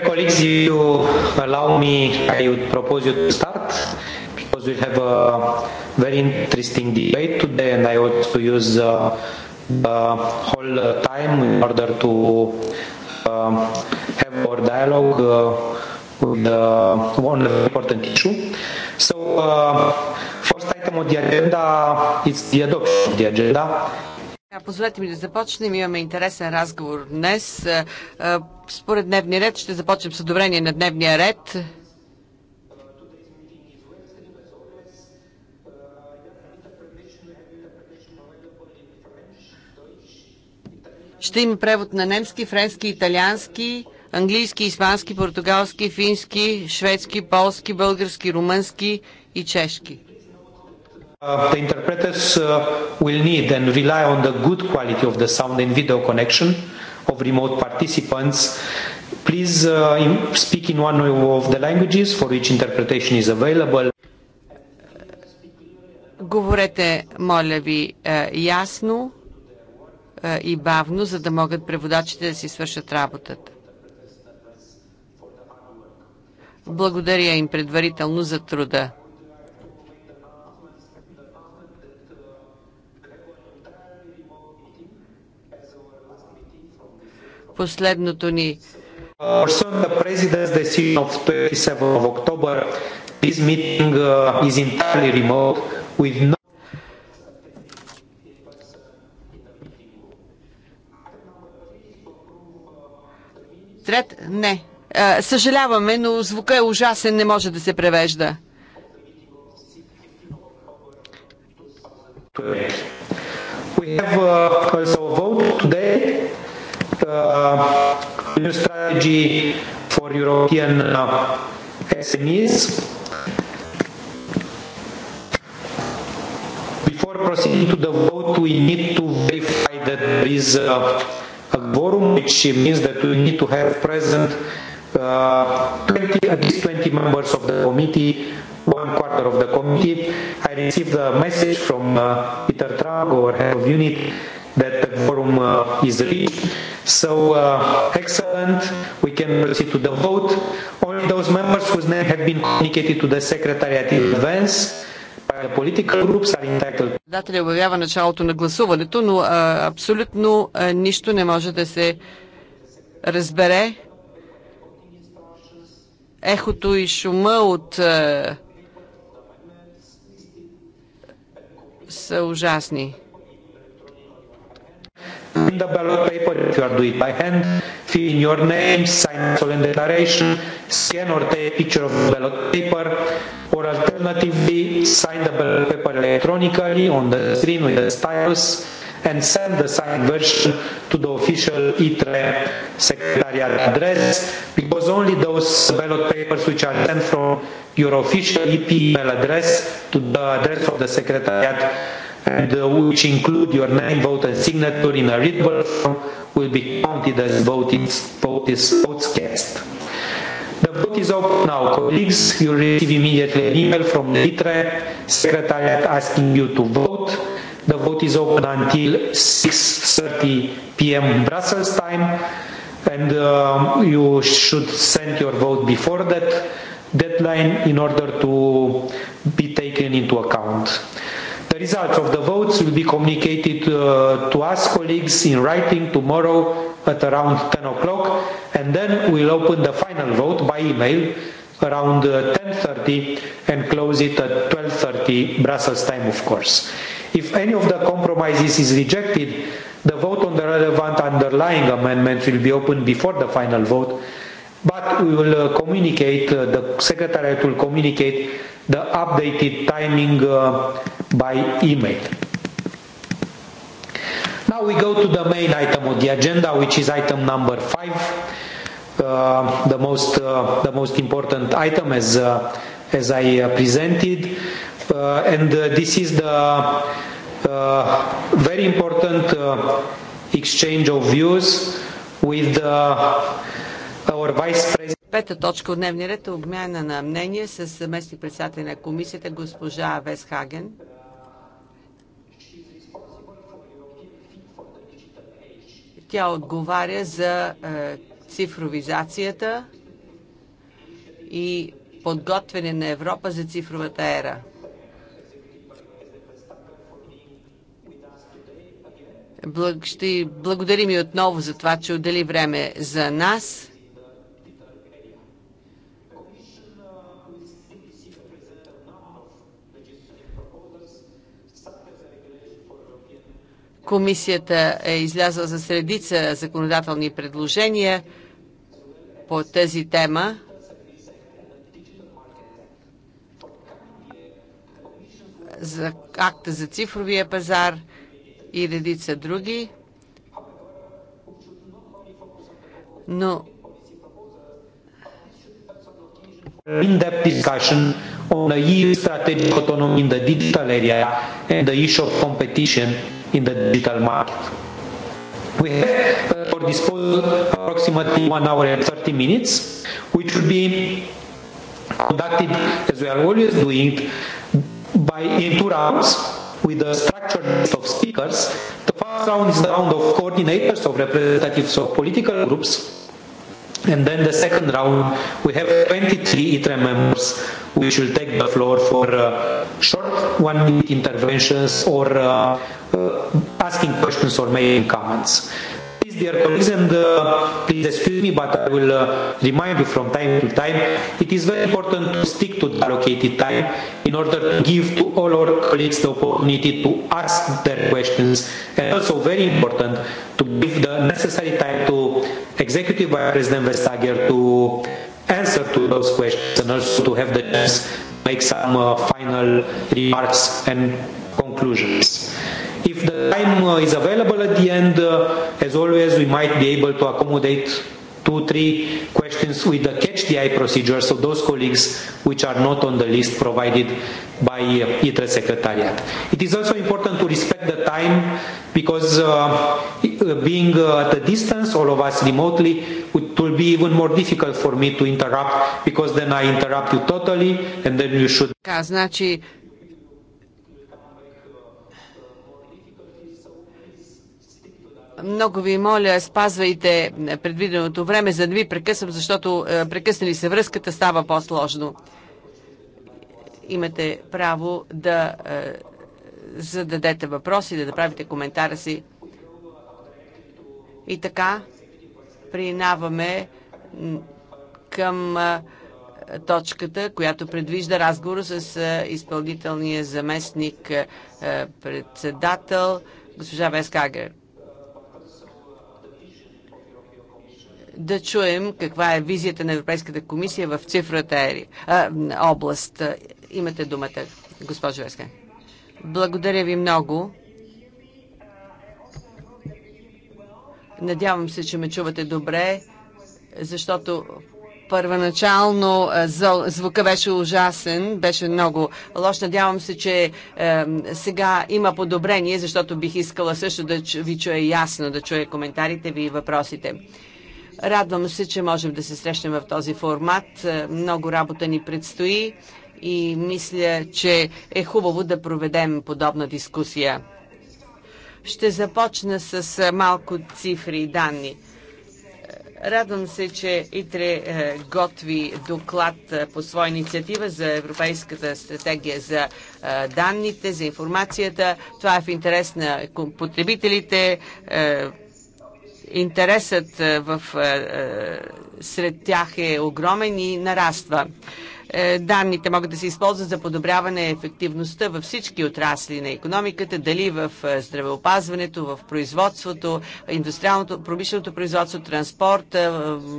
Dear colleagues, you allow me, I would propose you to start because we have a very interesting debate today and I want to use uh, the whole uh, time in order to uh, have our dialogue uh, with uh, one important issue. So, uh, first item of the agenda is the adoption of the agenda. Позволете ми да започнем. Имаме интересен разговор днес. Е, е, според дневния ред ще започнем с одобрение на дневния ред. Ще има превод на немски, френски, италиански, английски, испански, португалски, фински, шведски, полски, български, румънски и чешки the interpreters uh, will need and rely on the good quality of the sound and video connection of remote participants. Please uh, in, speak in one of the languages for which interpretation is available. Говорете, моля ви, ясно и бавно, за да могат преводачите да си свършат работата. Благодаря им предварително за труда. последното ни. Uh, Трет? Не. Съжаляваме, но звука е ужасен, не може да се превежда. We have uh, also vote today uh new strategy for European uh SMEs. Before proceeding to the vote, we need to verify that there is a quorum, which means that we need to have present uh, 20, at least 20 members of the committee, one quarter of the committee. I received a message from uh, Peter Trago, our head of unit, that the quorum is reached. So, uh, excellent. We can proceed to the vote. All those members whose name have been communicated to the Secretariat in advance Председателя обявява началото на гласуването, но а, абсолютно а, нищо не може да се разбере. Ехото и шума от а, са ужасни in the ballot paper, if you are doing it by hand, fill in your name, sign solemn declaration, scan or take a picture of the ballot paper, or alternatively, sign the ballot paper electronically on the screen with the stylus, and send the signed version to the official ITRE secretariat address because only those ballot papers which are sent from your official EP email address to the address of the secretariat and uh, which include your name, vote, and signature in a readable form will be counted as voting votes, votes cast. The vote is open now, colleagues. You receive immediately an email from the ITRE Secretariat asking you to vote. The vote is open until 6.30 p.m. Brussels time and uh, you should send your vote before that deadline in order to be taken into account. The results of the votes will be communicated uh, to us colleagues in writing tomorrow at around 10 o'clock and then we'll open the final vote by email around uh, 10.30 and close it at 12.30 Brussels time of course. If any of the compromises is rejected, the vote on the relevant underlying amendments will be opened before the final vote, but we will uh, communicate, uh, the Secretariat will communicate the updated timing uh, by email. Now we go to the main item of the agenda, which is item number five, uh, the most uh, the most important item as uh, as I uh, presented, uh, and uh, this is the uh, very important uh, exchange of views with uh, our vice president. Пета точка от дневния ред е обмяна на мнение с заместник председателя на комисията госпожа Весхаген. Хаген. Тя отговаря за е, цифровизацията и подготвяне на Европа за цифровата ера. ще благодарим и отново за това, че отдели време за нас. Комисията е излязла за средица законодателни предложения по тази тема. за акта за цифровия пазар и редица други. Но in-depth discussion on the EU strategic autonomy in the digital area and the issue of competition in the digital market. We have for our disposal approximately one hour and 30 minutes, which will be conducted, as we are always doing, by in two rounds with a structured list of speakers. The first round is the round of coordinators of representatives of political groups And then the second round, we have 23 ITRE members which will take the floor for uh, short one-minute interventions or uh, uh, asking questions or making comments please, dear colleagues, and uh, please excuse me, but I will uh, remind you from time to time, it is very important to stick to the allocated time in order to give to all our colleagues the opportunity to ask their questions, and also very important to give the necessary time to Executive Vice President Vestager to answer to those questions and also to have the chance make some uh, final remarks and conclusions. If the time uh, is available at the end, uh, as always, we might be able to accommodate two, three questions with the catch the eye procedure. So those colleagues which are not on the list provided by uh, ITRE Secretariat. It is also important to respect the time because uh, being uh, at a distance, all of us remotely, it will be even more difficult for me to interrupt because then I interrupt you totally and then you should... Така, значи Много ви моля, спазвайте предвиденото време, за да ви прекъсвам, защото е, прекъснали се връзката, става по-сложно. Имате право да е, зададете въпроси, да направите коментара си. И така, принаваме към е, точката, която предвижда разговор с изпълнителния заместник председател госпожа Вескагер. да чуем каква е визията на Европейската комисия в цифрата ери, а, област. Имате думата, госпожо Веска. Благодаря ви много. Надявам се, че ме чувате добре, защото първоначално звука беше ужасен, беше много лош. Надявам се, че е, сега има подобрение, защото бих искала също да ви чуя ясно, да чуя коментарите ви и въпросите. Радвам се, че можем да се срещнем в този формат. Е, много работа ни предстои и мисля, че е хубаво да проведем подобна дискусия. Ще започна с е, малко цифри и данни. Е, радвам се, че ИТРЕ готви доклад по своя инициатива за Европейската стратегия за данните, за информацията. Това е в интерес на потребителите, Интересът е, в, е, е, сред тях е огромен и нараства. Данните могат да се използват за подобряване ефективността във всички отрасли на економиката, дали в здравеопазването, в производството, индустриалното, промишленото производство, транспорт,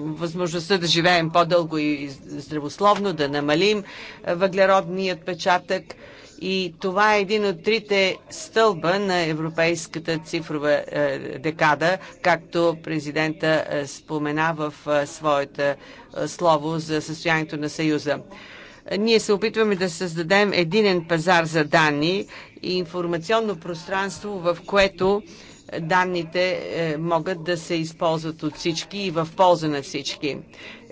възможността да живеем по-дълго и здравословно, да намалим въглеродният печатък. И това е един от трите стълба на европейската цифрова е, декада, както президента е, спомена в е, своята слово за състоянието на Съюза. Ние се опитваме да създадем единен пазар за данни и информационно пространство, в което данните могат да се използват от всички и в полза на всички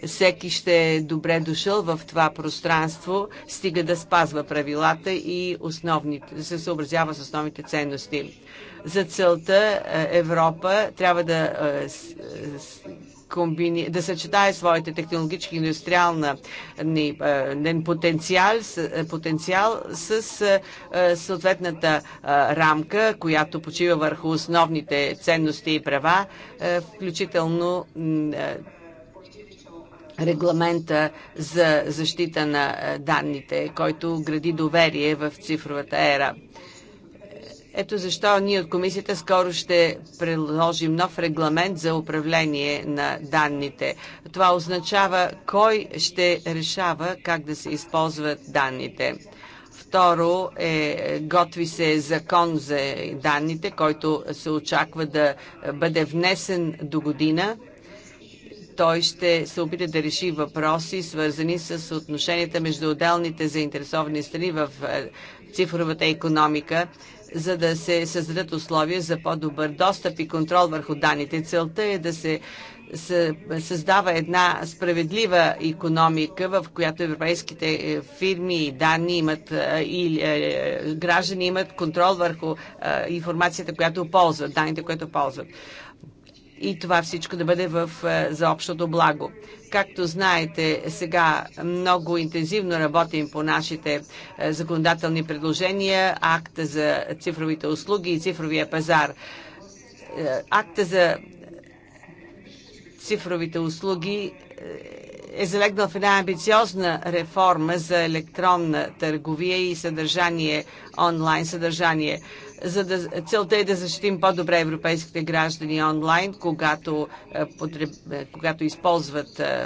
всеки ще е добре дошъл в това пространство, стига да спазва правилата и основните, да се съобразява с основните ценности. За целта е, Европа трябва да е, е, комбини... да съчетае своите технологически индустриална потенциал, потенциал с съответната рамка, която почива върху основните ценности и права, включително регламента за защита на е, данните, който гради доверие в цифровата ера. Ето защо ние от комисията скоро ще предложим нов регламент за управление на данните. Това означава кой ще решава как да се използват данните. Второ, е, готви се закон за данните, който се очаква да бъде внесен до година той ще се опита да реши въпроси, свързани с отношенията между отделните заинтересовани страни в е, цифровата економика, за да се създадат условия за по-добър достъп и контрол върху данните. Целта е да се създава една справедлива економика, в която европейските е, фирми и данни имат е, и граждани имат контрол върху информацията, която ползват, данните, които ползват и това всичко да бъде в, е, за общото благо. Както знаете, сега много интензивно работим по нашите е, законодателни предложения, акта за цифровите услуги и цифровия пазар. Е, акта за цифровите услуги е залегнал в една амбициозна реформа за електронна търговия и съдържание, онлайн съдържание за да, целта е да защитим по-добре европейските граждани онлайн, когато, е, потреб, е, когато използват е,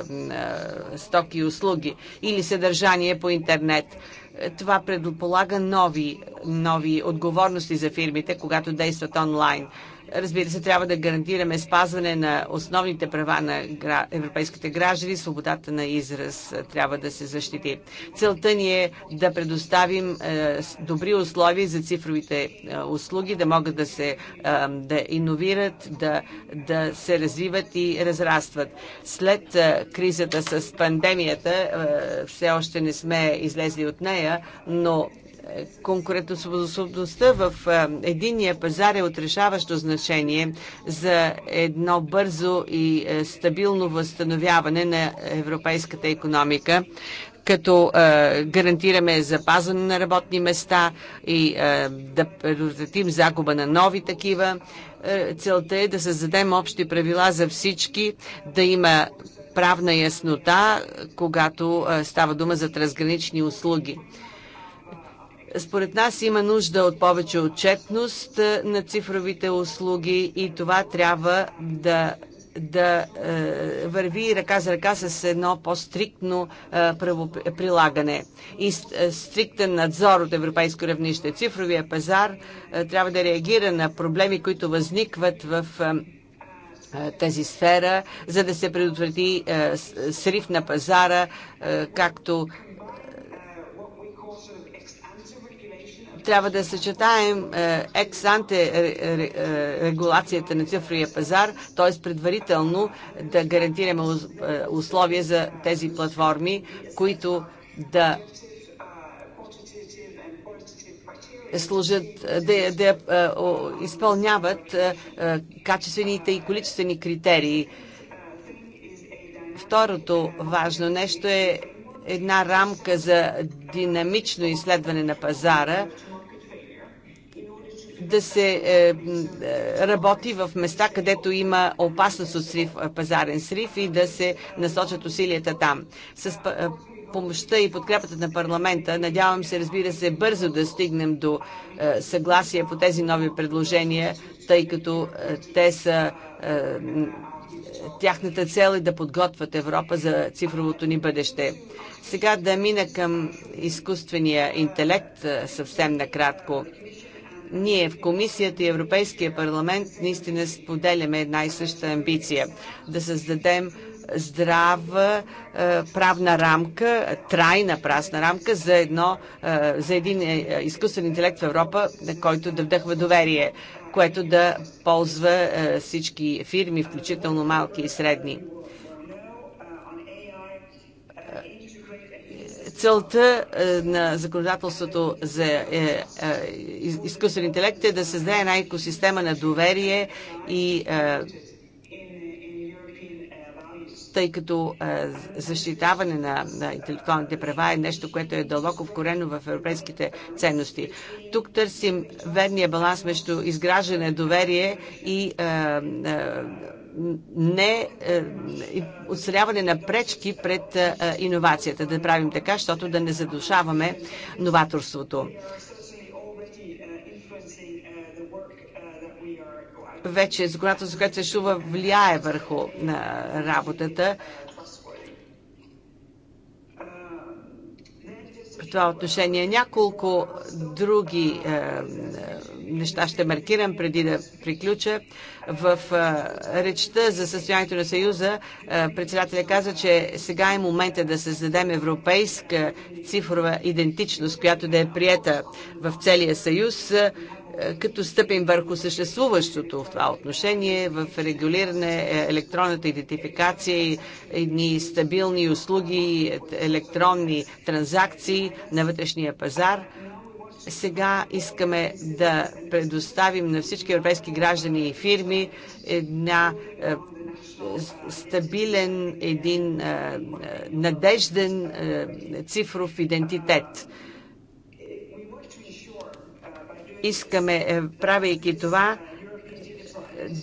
стоки и услуги или съдържание по интернет. Това предполага нови, нови отговорности за фирмите, когато действат онлайн. Разбира се, трябва да гарантираме спазване на основните права на европейските граждани, свободата на израз е, трябва да се защити. Целта ни е да предоставим е, добри условия за цифровите е, услуги, да могат да се да иновират, да, да се развиват и разрастват. След кризата с пандемията, все още не сме излезли от нея, но конкурентоспособността в единния пазар е отрешаващо значение за едно бързо и е, стабилно възстановяване на европейската економика като е, гарантираме запазване на работни места и е, да предотвратим загуба на нови такива. Е, целта е да създадем общи правила за всички, да има правна яснота, когато е, става дума за трансгранични услуги. Според нас има нужда от повече отчетност е, на цифровите услуги и това трябва да да е, върви ръка за ръка с едно по-стриктно е, прилагане и е, стриктен надзор от европейско равнище. Цифровия пазар е, трябва да реагира на проблеми, които възникват в е, е тази сфера, за да се предотврати е, срив на пазара, е, както трябва да съчетаем ексанте е, е, е, регулацията на цифровия пазар, т.е. предварително да гарантираме условия за тези платформи, които да служат, да, да изпълняват качествените и количествени критерии. Второто важно нещо е една рамка за динамично изследване на пазара, да се е, е, работи в места, където има опасност от срив, е, пазарен срив и да се насочат усилията там. С е, помощта и подкрепата на парламента. Надявам се, разбира се, бързо да стигнем до е, съгласие по тези нови предложения, тъй като е, те са. Е, тяхната цел е да подготвят Европа за цифровото ни бъдеще. Сега да мина към изкуствения интелект съвсем накратко ние в Комисията и Европейския парламент наистина споделяме една и съща амбиция да създадем здрава е, правна рамка, трайна прасна рамка за, едно, е, за един е, изкуствен интелект в Европа, на който да вдъхва доверие, което да ползва всички фирми, включително малки и средни. Целта е, на законодателството за е, е, изкуствен интелект е да създаде една екосистема на доверие и тъй като защитаване на, интелектуалните права е нещо, което е дълбоко вкорено в европейските ценности. Тук търсим верния баланс между изграждане на доверие и е, е, не е, отстраняване на пречки пред е, иновацията, да правим така, защото да не задушаваме новаторството. Вече законодателството, което се чува, влияе върху е, работата това отношение. Няколко други е, е, неща ще маркирам преди да приключа. В е, речта за състоянието на Съюза е, председателя каза, че сега е момента да създадем европейска цифрова идентичност, която да е приета в целия Съюз. Е, като стъпим върху съществуващото в това отношение в регулиране е, електронната идентификация и едни стабилни услуги, е, електронни транзакции на вътрешния пазар. Сега искаме да предоставим на всички европейски граждани и фирми една е, стабилен, един надежден цифров идентитет искаме, е, правейки това,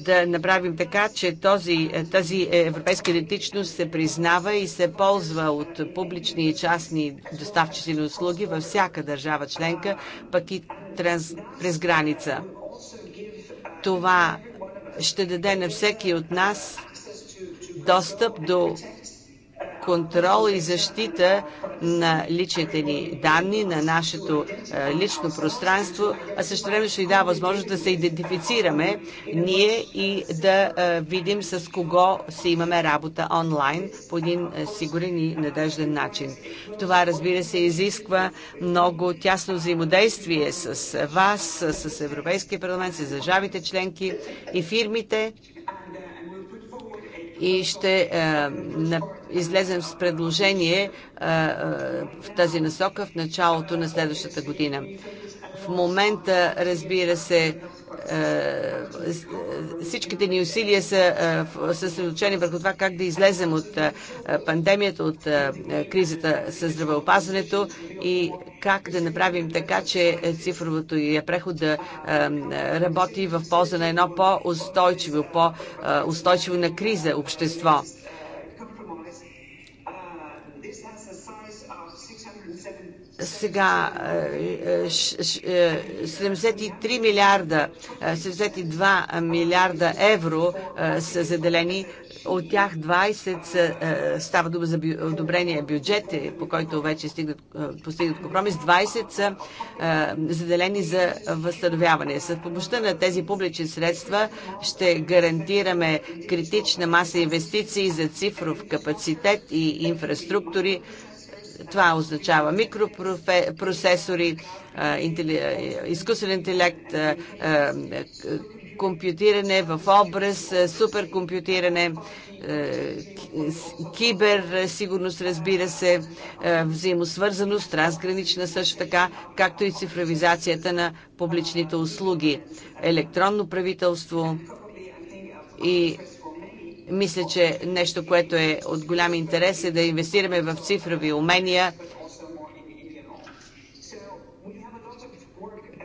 да направим така, че този, е, тази европейска идентичност се признава и се ползва от публични и частни доставчици на услуги във всяка държава членка, пък и транс, през граница. Това ще даде на всеки от нас достъп до контрол и защита на личните ни данни, на нашето е, лично пространство, а също време ще ни дава възможност да се идентифицираме ние и да е, видим с кого си имаме работа онлайн по един е, сигурен и надежден начин. Това, разбира се, изисква много тясно взаимодействие с вас, с Европейския парламент, с държавите членки и фирмите и ще е, излезем с предложение е, е, в тази насока в началото на следващата година. В момента, разбира се, е, е, всичките ни усилия е, са съсредоточени върху това как да излезем от пандемията, от кризата с здравеопазването и как да направим така, че цифровото и преход да работи в полза на едно по-устойчиво, по-устойчиво на криза общество. сега 73 е, е, е, милиарда, 72 милиарда евро са заделени. От тях 20 са, става дума за одобрение бюджет, по който вече стигнат, постигнат компромис. 20 са заделени за възстановяване. С помощта на тези публични средства ще гарантираме критична маса инвестиции за цифров капацитет и инфраструктури, това означава микропроцесори, изкуствен интелект, компютиране в образ, суперкомпютиране, киберсигурност, разбира се, взаимосвързаност, разгранична също така, както и цифровизацията на публичните услуги, електронно правителство и мисля, че нещо, което е от голям интерес е да инвестираме в цифрови умения.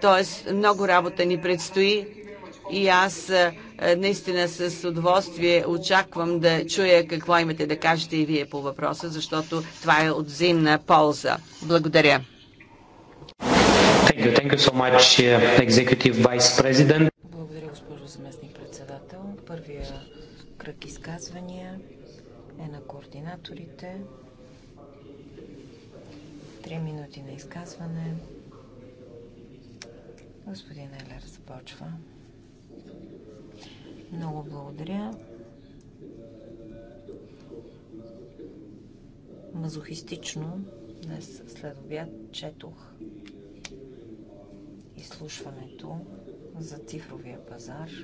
Тоест, много работа ни предстои и аз наистина с удоволствие очаквам да чуя какво имате да кажете и вие по въпроса, защото това е от взаимна полза. Благодаря. Uh, Благодаря, госпожо заместник председател. Първия кръг изказвания е на координаторите. Три минути на изказване. Господин Елер започва. Много благодаря. Мазохистично днес след обяд четох изслушването за цифровия пазар –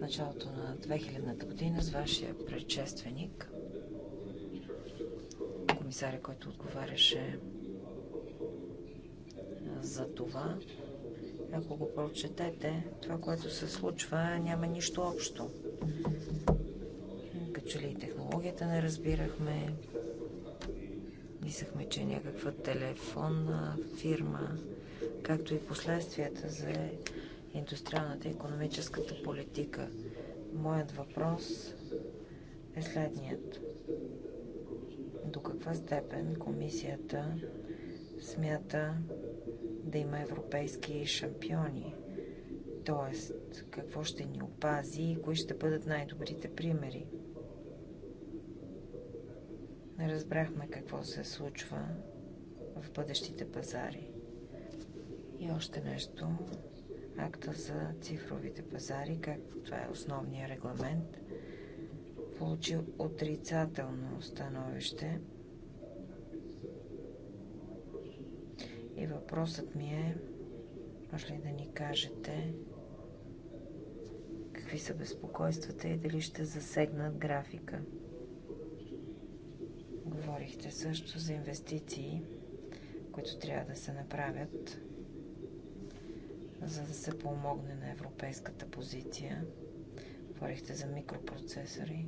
началото на 2000-та година с вашия предшественик, комисаря, който отговаряше за това. Ако го прочетете, това, което се случва, няма нищо общо. Като ли ли технологията не разбирахме, мислехме, че е някаква телефонна фирма, както и последствията за индустриалната и економическата политика. Моят въпрос е следният. До каква степен комисията смята да има европейски шампиони? Тоест, какво ще ни опази и кои ще бъдат най-добрите примери? Не разбрахме какво се случва в бъдещите пазари. И още нещо акта за цифровите пазари, както това е основния регламент, получи отрицателно становище. И въпросът ми е, може ли да ни кажете какви са безпокойствата и дали ще засегнат графика? Говорихте също за инвестиции, които трябва да се направят за да се помогне на европейската позиция. Говорихте за микропроцесори.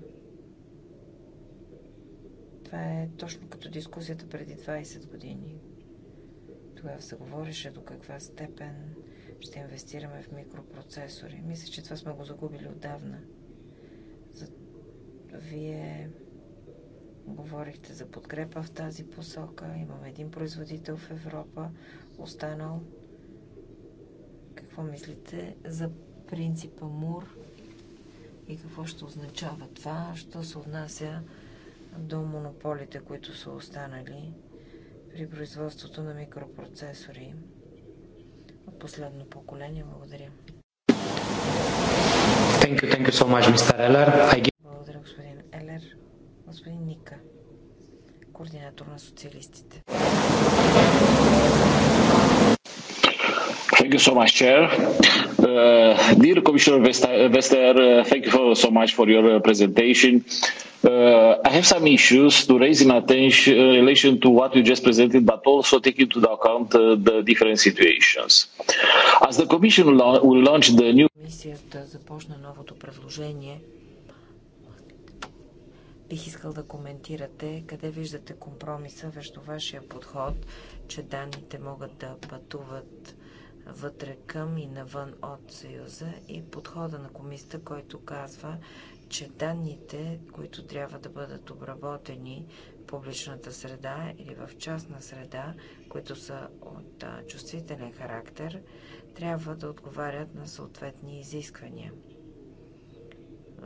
Това е точно като дискусията преди 20 години. Тогава се говореше до каква степен ще инвестираме в микропроцесори. Мисля, че това сме го загубили отдавна. За... Вие говорихте за подкрепа в тази посока. Имаме един производител в Европа, останал какво мислите за принципа МУР и какво ще означава това, що се отнася до монополите, които са останали при производството на микропроцесори от последно поколение. Благодаря. Thank you, thank you so much, Mr. Eller. I... Благодаря, господин Елер. Господин Ника, координатор на социалистите. Thank you so much, Chair. Uh, dear Commissioner Vester, uh, thank you for, so much for your uh, presentation. Uh, I have some issues to raise in attention in relation to what you just presented, but also take into account uh, the different situations. As the Commission la will launch the new... Комисията започна новото предложение. Бих искал да коментирате къде виждате компромиса между вашия подход, че данните могат да пътуват вътре към и навън от Съюза и подхода на комисията, който казва, че данните, които трябва да бъдат обработени в публичната среда или в частна среда, които са от чувствителен характер, трябва да отговарят на съответни изисквания.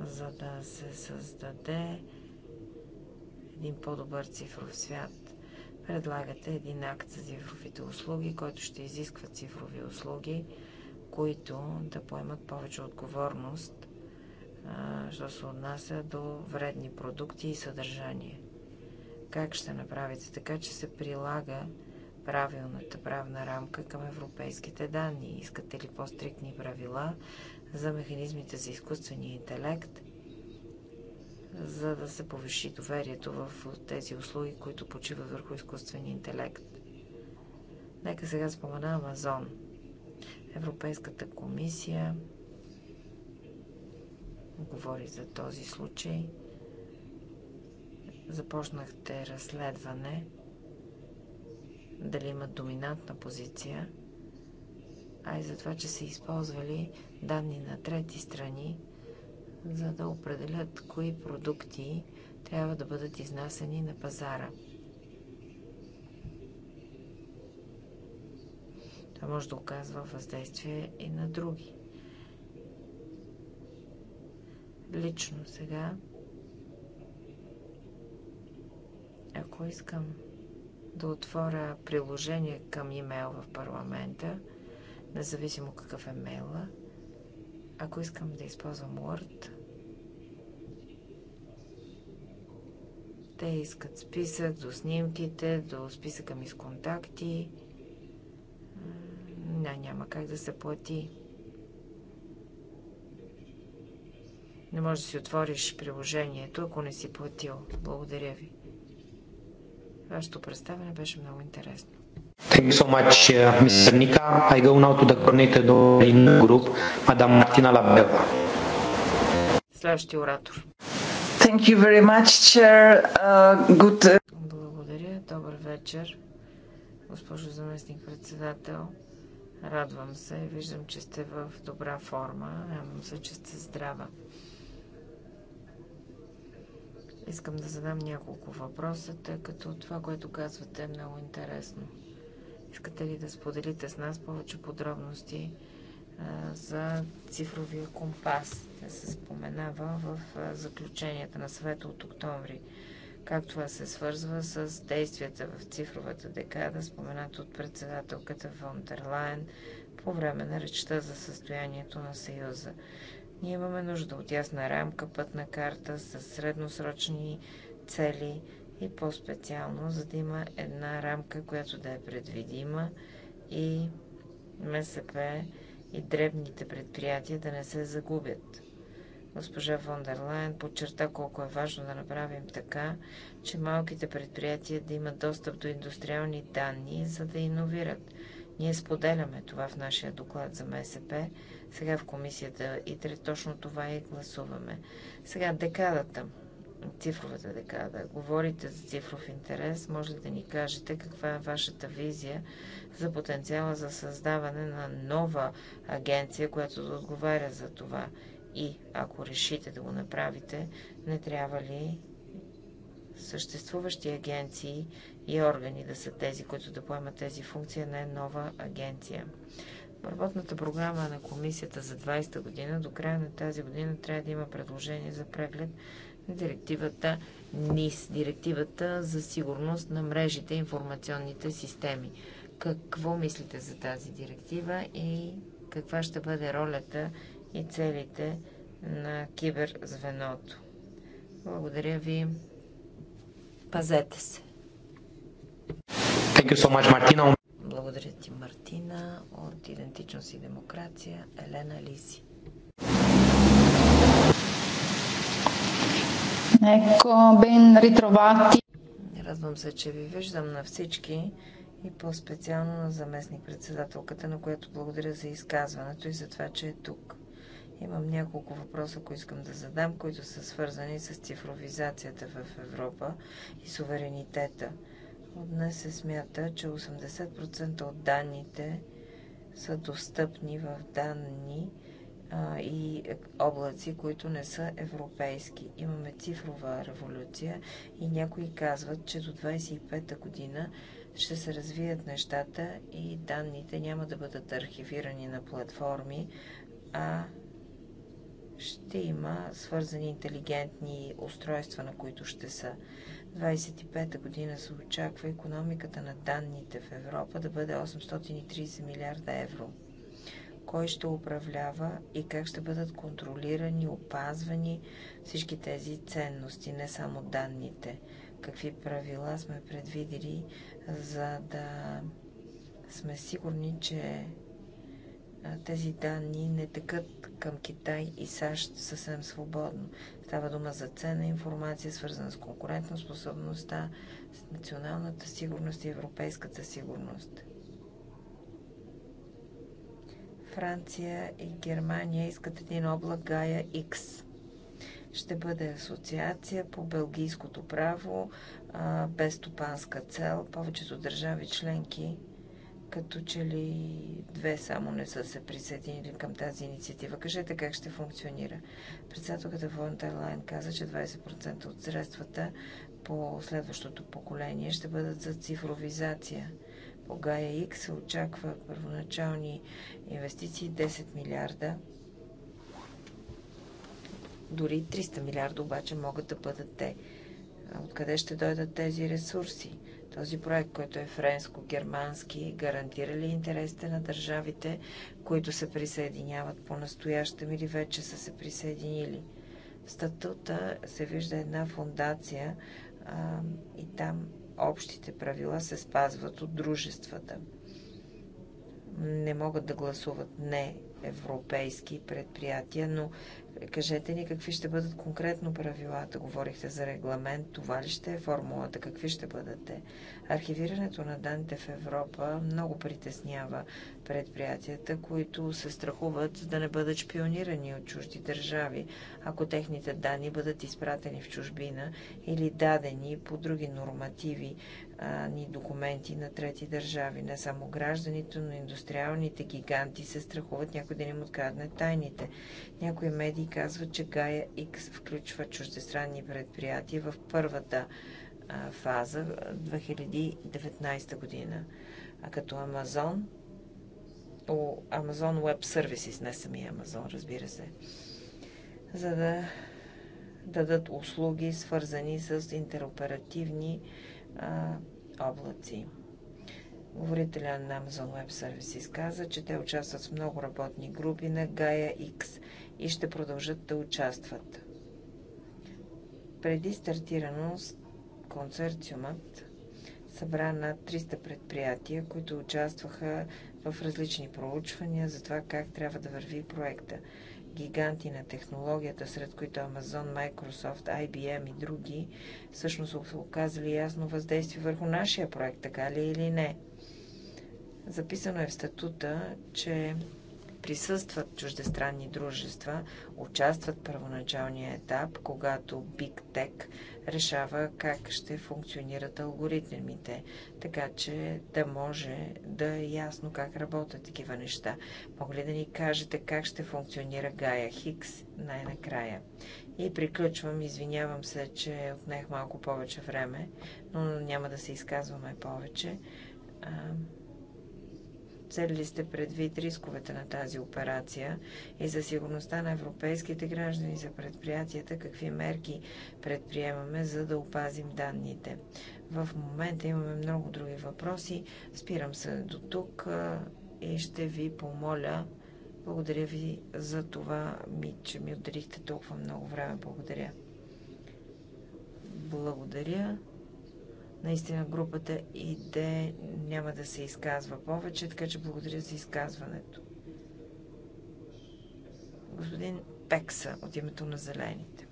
За да се създаде един по-добър цифров свят, предлагате един акт за цифровите услуги, който ще изисква цифрови услуги, които да поемат повече отговорност, що се отнася до вредни продукти и съдържание. Как ще направите така, че се прилага правилната правна рамка към европейските данни? Искате ли по-стриктни правила за механизмите за изкуствения интелект – за да се повиши доверието в тези услуги, които почиват върху изкуствения интелект. Нека сега спомена Амазон. Европейската комисия говори за този случай. Започнахте разследване дали имат доминантна позиция, а и за това, че са използвали данни на трети страни за да определят кои продукти трябва да бъдат изнасени на пазара. Това може да оказва въздействие и на други. Лично сега, ако искам да отворя приложение към имейл в парламента, независимо какъв е мейла, ако искам да използвам Word, те искат списък до снимките, до списъка ми с контакти. Не, няма как да се плати. Не можеш да си отвориш приложението, ако не си платил. Благодаря ви. Вашето представяне беше много интересно. Thank you so much, uh, Mr. Nika. I go now to the coordinator of the group, Madam Martina Labeva. Следващия оратор. Thank you very much, Chair. Uh, good... Uh, Благодаря. Добър вечер, госпожо заместник-председател. Радвам се. Виждам, че сте в добра форма. Радвам се, че сте здрава. Искам да задам няколко въпроса, тъй като това, което казвате е много интересно. Искате ли да споделите с нас повече подробности за цифровия компас? Те се споменава в заключенията на съвета от октомври. Как това се свързва с действията в цифровата декада, споменато от председателката в Дерлайн по време на речта за състоянието на Съюза. Ние имаме нужда от ясна рамка, пътна карта с средносрочни цели, и по-специално, за да има една рамка, която да е предвидима и МСП и дребните предприятия да не се загубят. Госпожа фон дер Лайен подчерта колко е важно да направим така, че малките предприятия да имат достъп до индустриални данни, за да иновират. Ние споделяме това в нашия доклад за МСП. Сега в комисията и точно това и гласуваме. Сега декадата цифровата декада. Говорите за цифров интерес. Може ли да ни кажете каква е вашата визия за потенциала за създаване на нова агенция, която да отговаря за това? И ако решите да го направите, не трябва ли съществуващи агенции и органи да са тези, които да поемат тези функции, не нова агенция? Работната програма на комисията за 20-та година до края на тази година трябва да има предложение за преглед директивата НИС, директивата за сигурност на мрежите и информационните системи. Какво мислите за тази директива и каква ще бъде ролята и целите на киберзвеното? Благодаря ви. Пазете се. Thank you so much, Martina. Благодаря ти, Мартина, от Идентичност и демокрация, Елена Лиси. Ecco, ben ritrovati. Радвам се, че ви виждам на всички и по-специално на заместник-председателката, на която благодаря за изказването и за това, че е тук. Имам няколко въпроса, които искам да задам, които са свързани с цифровизацията в Европа и суверенитета. От днес се смята, че 80% от данните са достъпни в данни и облаци, които не са европейски. Имаме цифрова революция и някои казват, че до 25-та година ще се развият нещата и данните няма да бъдат архивирани на платформи, а ще има свързани интелигентни устройства, на които ще са. 25-та година се очаква економиката на данните в Европа да бъде 830 милиарда евро кой ще управлява и как ще бъдат контролирани, опазвани всички тези ценности, не само данните. Какви правила сме предвидили, за да сме сигурни, че тези данни не тъкат към Китай и САЩ съвсем свободно. Става дума за ценна информация, свързана с конкурентоспособността, с националната сигурност и европейската сигурност. Франция и Германия искат един облак Гая X. Ще бъде асоциация по белгийското право, без стопанска цел. Повечето държави членки като че ли две само не са се присъединили към тази инициатива. Кажете как ще функционира. Председателката Фон каза, че 20% от средствата по следващото поколение ще бъдат за цифровизация – по Гая Икс се очаква първоначални инвестиции 10 милиарда. Дори 300 милиарда обаче могат да бъдат те. Откъде ще дойдат тези ресурси? Този проект, който е френско-германски, гарантира ли интересите на държавите, които се присъединяват по-настоящем или вече са се присъединили? В статута се вижда една фундация а, и там общите правила се спазват от дружествата. Не могат да гласуват не европейски предприятия, но Кажете ни какви ще бъдат конкретно правилата. Говорихте за регламент, това ли ще е формулата, какви ще бъдат те. Архивирането на данните в Европа много притеснява предприятията, които се страхуват да не бъдат шпионирани от чужди държави, ако техните данни бъдат изпратени в чужбина или дадени по други нормативи, ни документи на трети държави. Не само гражданите, но индустриалните гиганти се страхуват някой да им открадне тайните. Някои медии казват, че Гая X включва чуждестранни предприятия в първата фаза 2019 година. А като Амазон, о, Amazon Web Services, не самия Амазон, разбира се, за да дадат услуги, свързани с интероперативни а, облаци. Говорителя на Amazon Web Services каза, че те участват в много работни групи на Gaia X и ще продължат да участват. Преди стартирано с консорциумът събра над 300 предприятия, които участваха в различни проучвания за това как трябва да върви проекта гиганти на технологията, сред които Amazon, Microsoft, IBM и други, всъщност са оказали ясно въздействие върху нашия проект, така ли или не. Записано е в статута, че присъстват чуждестранни дружества, участват в първоначалния етап, когато Big Tech решава как ще функционират алгоритмите, така че да може да е ясно как работят такива неща. Мога ли да ни кажете как ще функционира Гая Хикс най-накрая? И приключвам, извинявам се, че отнех малко повече време, но няма да се изказваме повече. Взели сте предвид рисковете на тази операция и за сигурността на европейските граждани за предприятията, какви мерки предприемаме, за да опазим данните. В момента имаме много други въпроси. Спирам се до тук и ще ви помоля. Благодаря ви за това, че ми отделихте толкова много време. Благодаря. Благодаря. Наистина групата ИД няма да се изказва повече, така че благодаря за изказването. Господин Пекса от името на Зелените.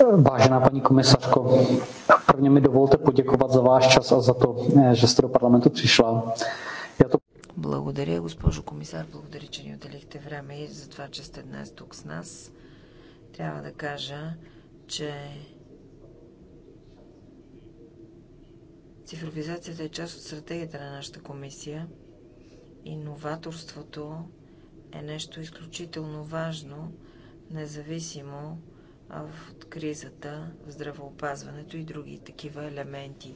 Vážená paní komisařko, prvně mi dovolte poděkovat za váš čas a za to, eh, že jste do parlamentu přišla. Já to... Благодаря, госпожо комисар. Благодаря, че ни отделихте време и за това, че сте днес тук с нас. Трябва да кажа, че цифровизацията е част от стратегията на нашата комисия и новаторството е нещо изключително важно, независимо от кризата, здравеопазването и други такива елементи.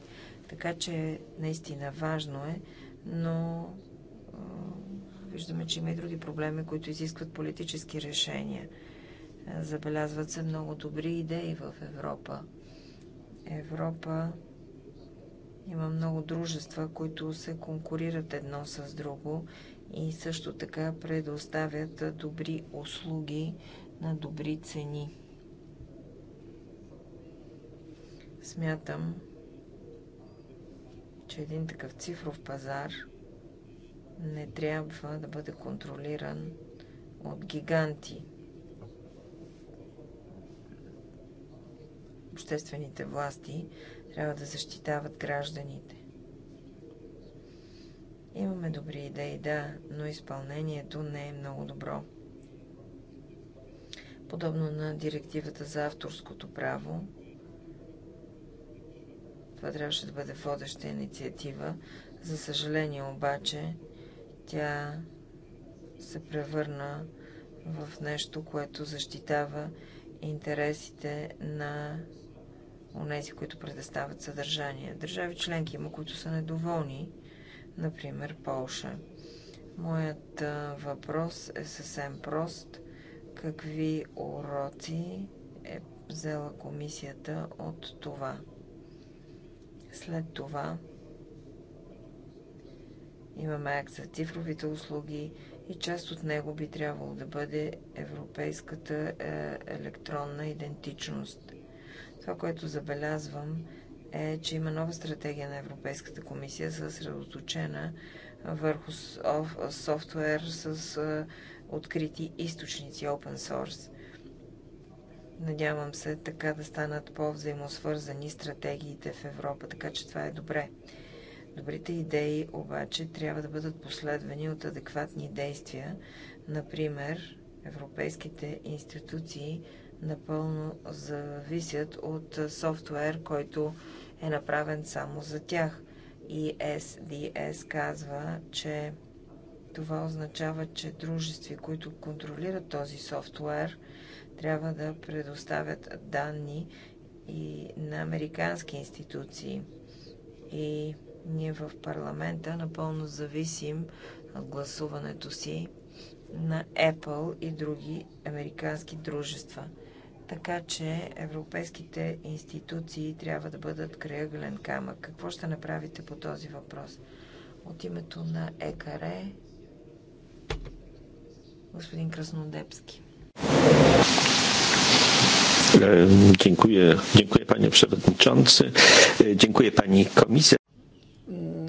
Така че наистина важно е, но виждаме, че има и други проблеми, които изискват политически решения – Забелязват се много добри идеи в Европа. Европа има много дружества, които се конкурират едно с друго и също така предоставят добри услуги на добри цени. Смятам, че един такъв цифров пазар не трябва да бъде контролиран от гиганти – обществените власти трябва да защитават гражданите. Имаме добри идеи, да, но изпълнението не е много добро. Подобно на директивата за авторското право, това трябваше да бъде водеща инициатива. За съжаление обаче, тя се превърна в нещо, което защитава интересите на онези, които предоставят съдържание. Държави членки има, които са недоволни, например Полша. Моят въпрос е съвсем прост. Какви уроци е взела комисията от това? След това имаме акт за цифровите услуги и част от него би трябвало да бъде европейската е, електронна идентичност. Това, което забелязвам, е, че има нова стратегия на Европейската комисия, съсредоточена върху софтуер с открити източници, open source. Надявам се така да станат по-взаимосвързани стратегиите в Европа, така че това е добре. Добрите идеи обаче трябва да бъдат последвани от адекватни действия. Например, европейските институции напълно зависят от софтуер, който е направен само за тях. И SDS е казва, че това означава, че дружестви, които контролират този софтуер, трябва да предоставят данни и на американски институции. И ние в парламента напълно зависим от гласуването си на Apple и други американски дружества. Така че европейските институции трябва да бъдат крайъгълен камък. Какво ще направите по този въпрос? От името на ЕКАРЕ, господин Краснодепски. Е, dziękuję, dziękuję panie przewodniczący, е, dziękuję pani komisarz.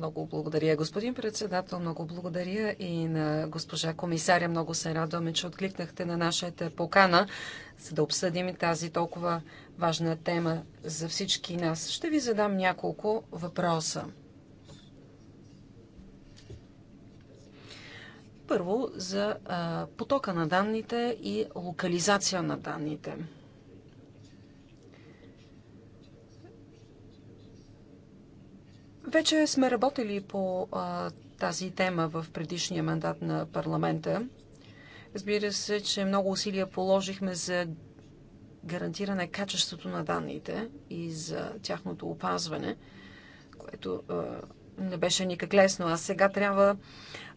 Много благодаря, господин председател. Много благодаря и на госпожа комисаря. Много се радваме, че откликнахте на нашата покана, за да обсъдим тази толкова важна тема за всички нас. Ще ви задам няколко въпроса. Първо за а, потока на данните и локализация на данните. Вече сме работили по а, тази тема в предишния мандат на парламента. Разбира се, че много усилия положихме за гарантиране качеството на данните и за тяхното опазване, което а, не беше никак лесно. А сега трябва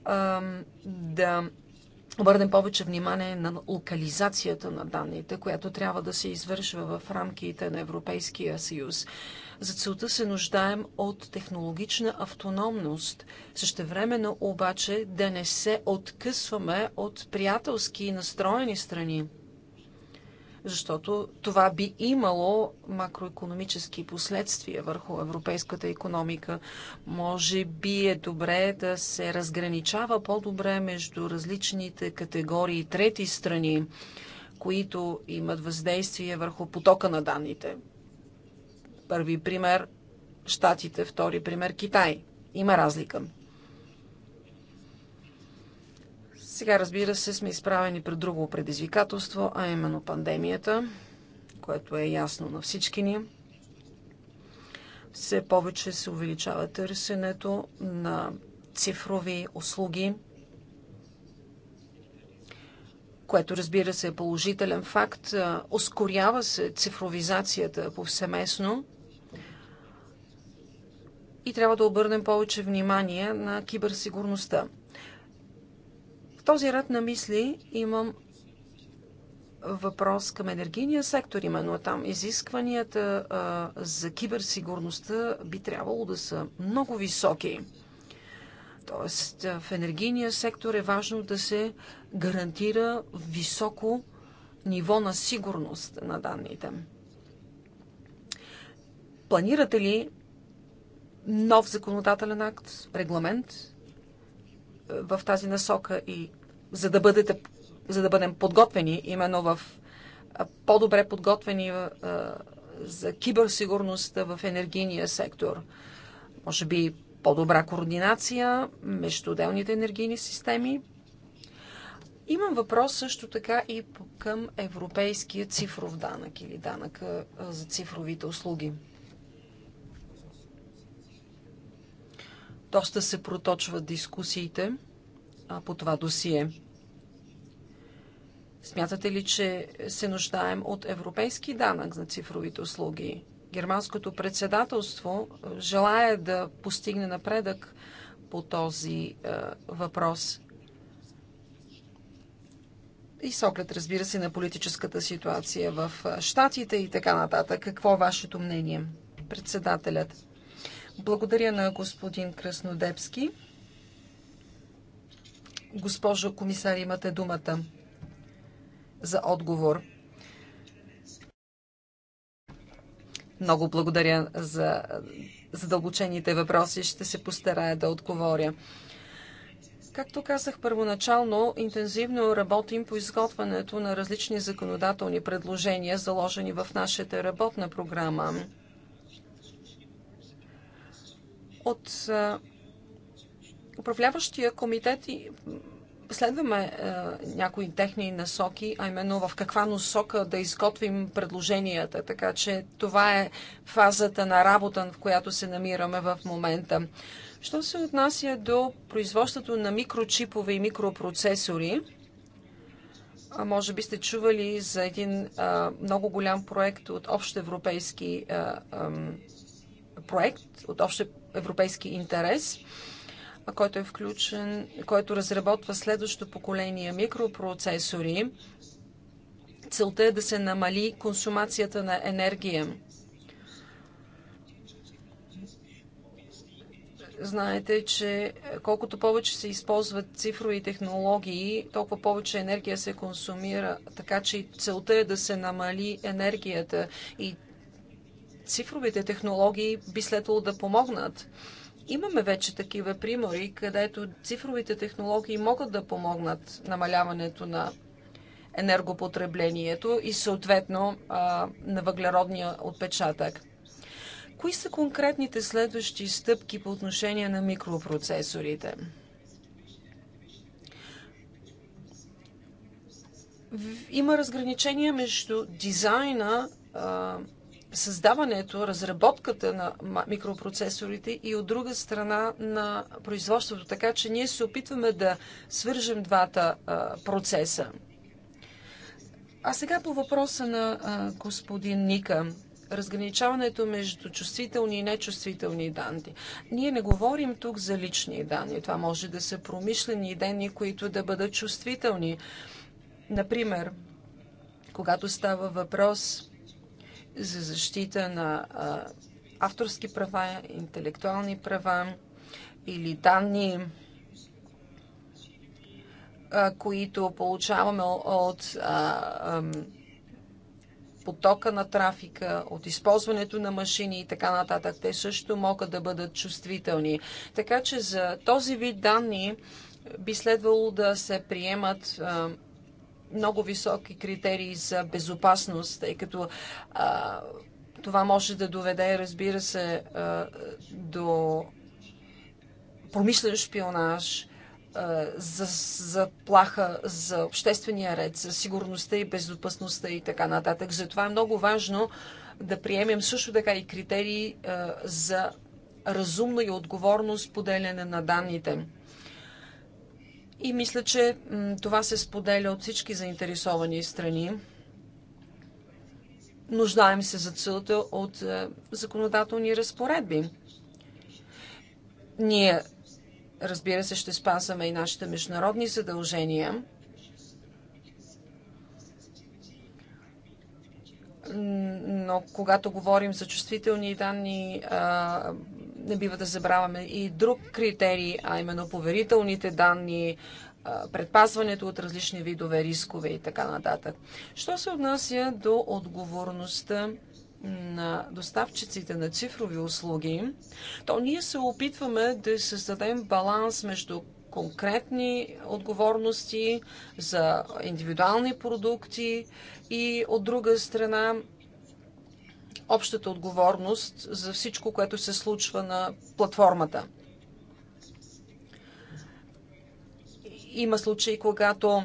а, да обърнем повече внимание на локализацията на данните, която трябва да се извършва в рамките на Европейския съюз. За целта се нуждаем от технологична автономност, същевременно обаче да не се откъсваме от приятелски настроени страни, защото това би имало макроекономически последствия върху европейската економика. Може би е добре да се разграничава по-добре между различните категории трети страни, които имат въздействие върху потока на данните. Първи пример Штатите, втори пример Китай. Има разлика. Сега, разбира се, сме изправени пред друго предизвикателство, а именно пандемията, което е ясно на всички ни. Все повече се увеличава търсенето на цифрови услуги, което разбира се е положителен факт. Ускорява се цифровизацията повсеместно и трябва да обърнем повече внимание на киберсигурността. В този ред на мисли имам въпрос към енергийния сектор, именно там изискванията а, за киберсигурността би трябвало да са много високи. Тоест, в енергийния сектор е важно да се гарантира високо ниво на сигурност на данните. Планирате ли нов законодателен акт, регламент е, в тази насока и за да, бъдете, за да бъдем подготвени именно в е, по-добре подготвени е, за киберсигурността в енергийния сектор. Може би по-добра координация между отделните енергийни системи. Имам въпрос също така и към европейския цифров данък или данък за цифровите услуги. Доста се проточват дискусиите по това досие. Смятате ли, че се нуждаем от европейски данък за цифровите услуги? Германското председателство желая да постигне напредък по този е, въпрос. И с оглед, разбира се, на политическата ситуация в Штатите и така нататък. Какво е вашето мнение, председателят? Благодаря на господин Краснодепски. Госпожо комисар, имате думата за отговор. Много благодаря за задълбочените въпроси. Ще се постарая да отговоря. Както казах първоначално, интензивно работим по изготвянето на различни законодателни предложения, заложени в нашата работна програма от управляващия комитет и следваме някои техни насоки, а именно в каква насока да изготвим предложенията. Така че това е фазата на работа, в която се намираме в момента. Що се отнася до производството на микрочипове и микропроцесори, а може би сте чували за един а, много голям проект от общ европейски а, а, проект от общ европейски интерес, който е включен, който разработва следващото поколение микропроцесори. Целта е да се намали консумацията на енергия. знаете, че колкото повече се използват цифрови технологии, толкова повече енергия се консумира. Така че целта е да се намали енергията и цифровите технологии би следвало да помогнат. Имаме вече такива примери, където цифровите технологии могат да помогнат намаляването на енергопотреблението и съответно на въглеродния отпечатък. Кои са конкретните следващи стъпки по отношение на микропроцесорите? Има разграничение между дизайна създаването, разработката на микропроцесорите и от друга страна на производството. Така че ние се опитваме да свържем двата процеса. А сега по въпроса на господин Ника. Разграничаването между чувствителни и нечувствителни данни. Ние не говорим тук за лични данни. Това може да са промишлени данни, които да бъдат чувствителни. Например, когато става въпрос за защита на авторски права, интелектуални права или данни, които получаваме от потока на трафика, от използването на машини и така нататък. Те също могат да бъдат чувствителни. Така че за този вид данни би следвало да се приемат много високи критерии за безопасност, тъй като а, това може да доведе, разбира се, а, до промишлен шпионаж, а, за заплаха за обществения ред, за сигурността и безопасността и така нататък. Затова е много важно да приемем също така и критерии а, за разумно и отговорно споделяне на данните. И мисля, че това се споделя от всички заинтересовани страни. Нуждаем се за целта от е, законодателни разпоредби. Ние, разбира се, ще спасаме и нашите международни задължения. но когато говорим за чувствителни данни, не бива да забравяме и друг критерий, а именно поверителните данни, предпазването от различни видове рискове и така нататък. Що се отнася до отговорността на доставчиците на цифрови услуги, то ние се опитваме да създадем баланс между конкретни отговорности за индивидуални продукти и от друга страна общата отговорност за всичко, което се случва на платформата. Има случаи, когато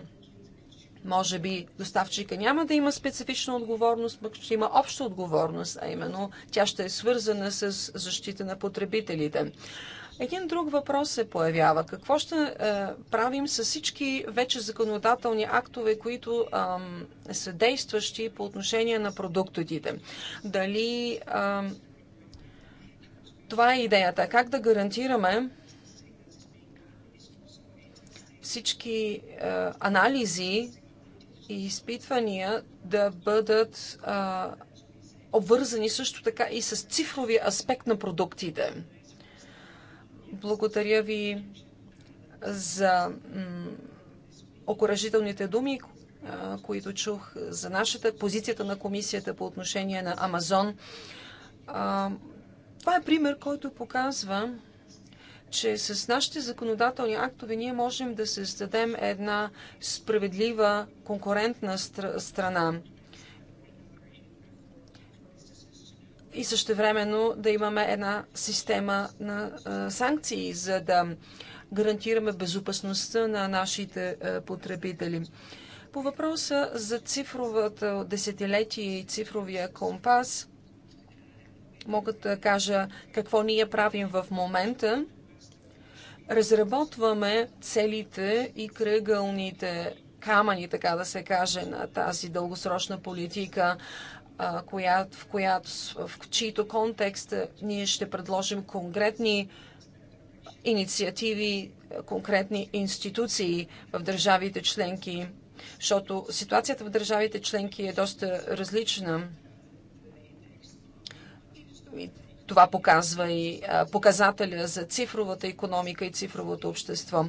може би доставчика няма да има специфична отговорност, пък ще има обща отговорност, а именно тя ще е свързана с защита на потребителите. Един друг въпрос се появява. Какво ще е, правим с всички вече законодателни актове, които е, са действащи по отношение на продуктите? Дали е, това е идеята? Как да гарантираме всички е, анализи и изпитвания да бъдат обвързани също така и с цифрови аспект на продуктите? Благодаря ви за окоръжителните думи, които чух за нашата позицията на комисията по отношение на Амазон. Това е пример, който показва, че с нашите законодателни актове ние можем да създадем една справедлива, конкурентна страна и същевременно да имаме една система на санкции, за да гарантираме безопасността на нашите потребители. По въпроса за цифровата десетилетие и цифровия компас, мога да кажа какво ние правим в момента. Разработваме целите и кръгълните камъни, така да се каже, на тази дългосрочна политика коя, в, коя, в чийто контекст ние ще предложим конкретни инициативи, конкретни институции в държавите членки, защото ситуацията в държавите членки е доста различна. И това показва и показателя за цифровата економика и цифровото общество.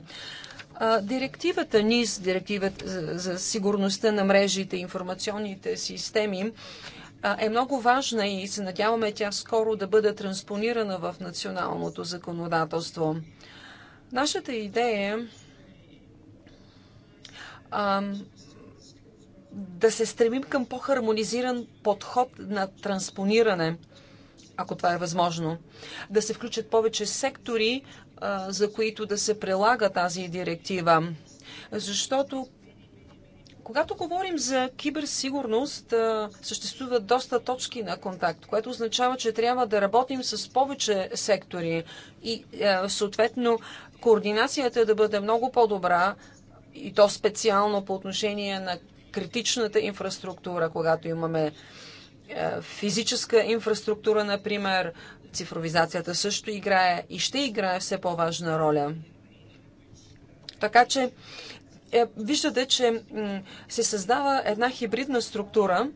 Директивата НИС, директивата за сигурността на мрежите и информационните системи, е много важна и се надяваме тя скоро да бъде транспонирана в националното законодателство. Нашата идея е да се стремим към по-хармонизиран подход на транспониране, ако това е възможно. Да се включат повече сектори, за които да се прилага тази директива. Защото когато говорим за киберсигурност, съществуват доста точки на контакт, което означава, че трябва да работим с повече сектори и съответно координацията да бъде много по-добра и то специално по отношение на критичната инфраструктура, когато имаме физическа инфраструктура, например, цифровизацията също играе и ще играе все по-важна роля. Така че е, виждате, че се създава една хибридна структура,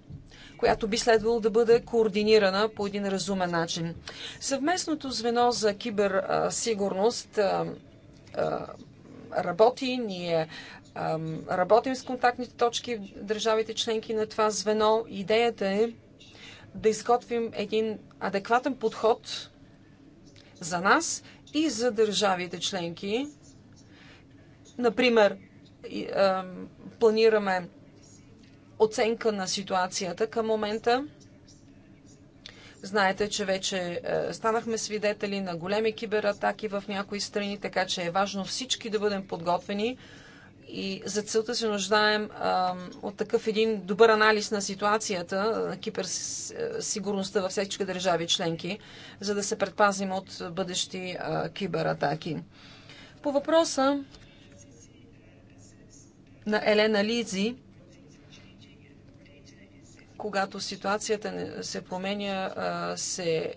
която би следвало да бъде координирана по един разумен начин. Съвместното звено за киберсигурност работи, ние работим с контактните точки в държавите членки на това звено. Идеята е да изготвим един адекватен подход за нас и за държавите членки. Например, планираме оценка на ситуацията към момента. Знаете, че вече е, станахме свидетели на големи кибератаки в някои страни, така че е важно всички да бъдем подготвени и за целта се нуждаем а, от такъв един добър анализ на ситуацията на киберсигурността във всички държави членки, за да се предпазим от бъдещи а, кибератаки. По въпроса на Елена Лизи, когато ситуацията се променя, се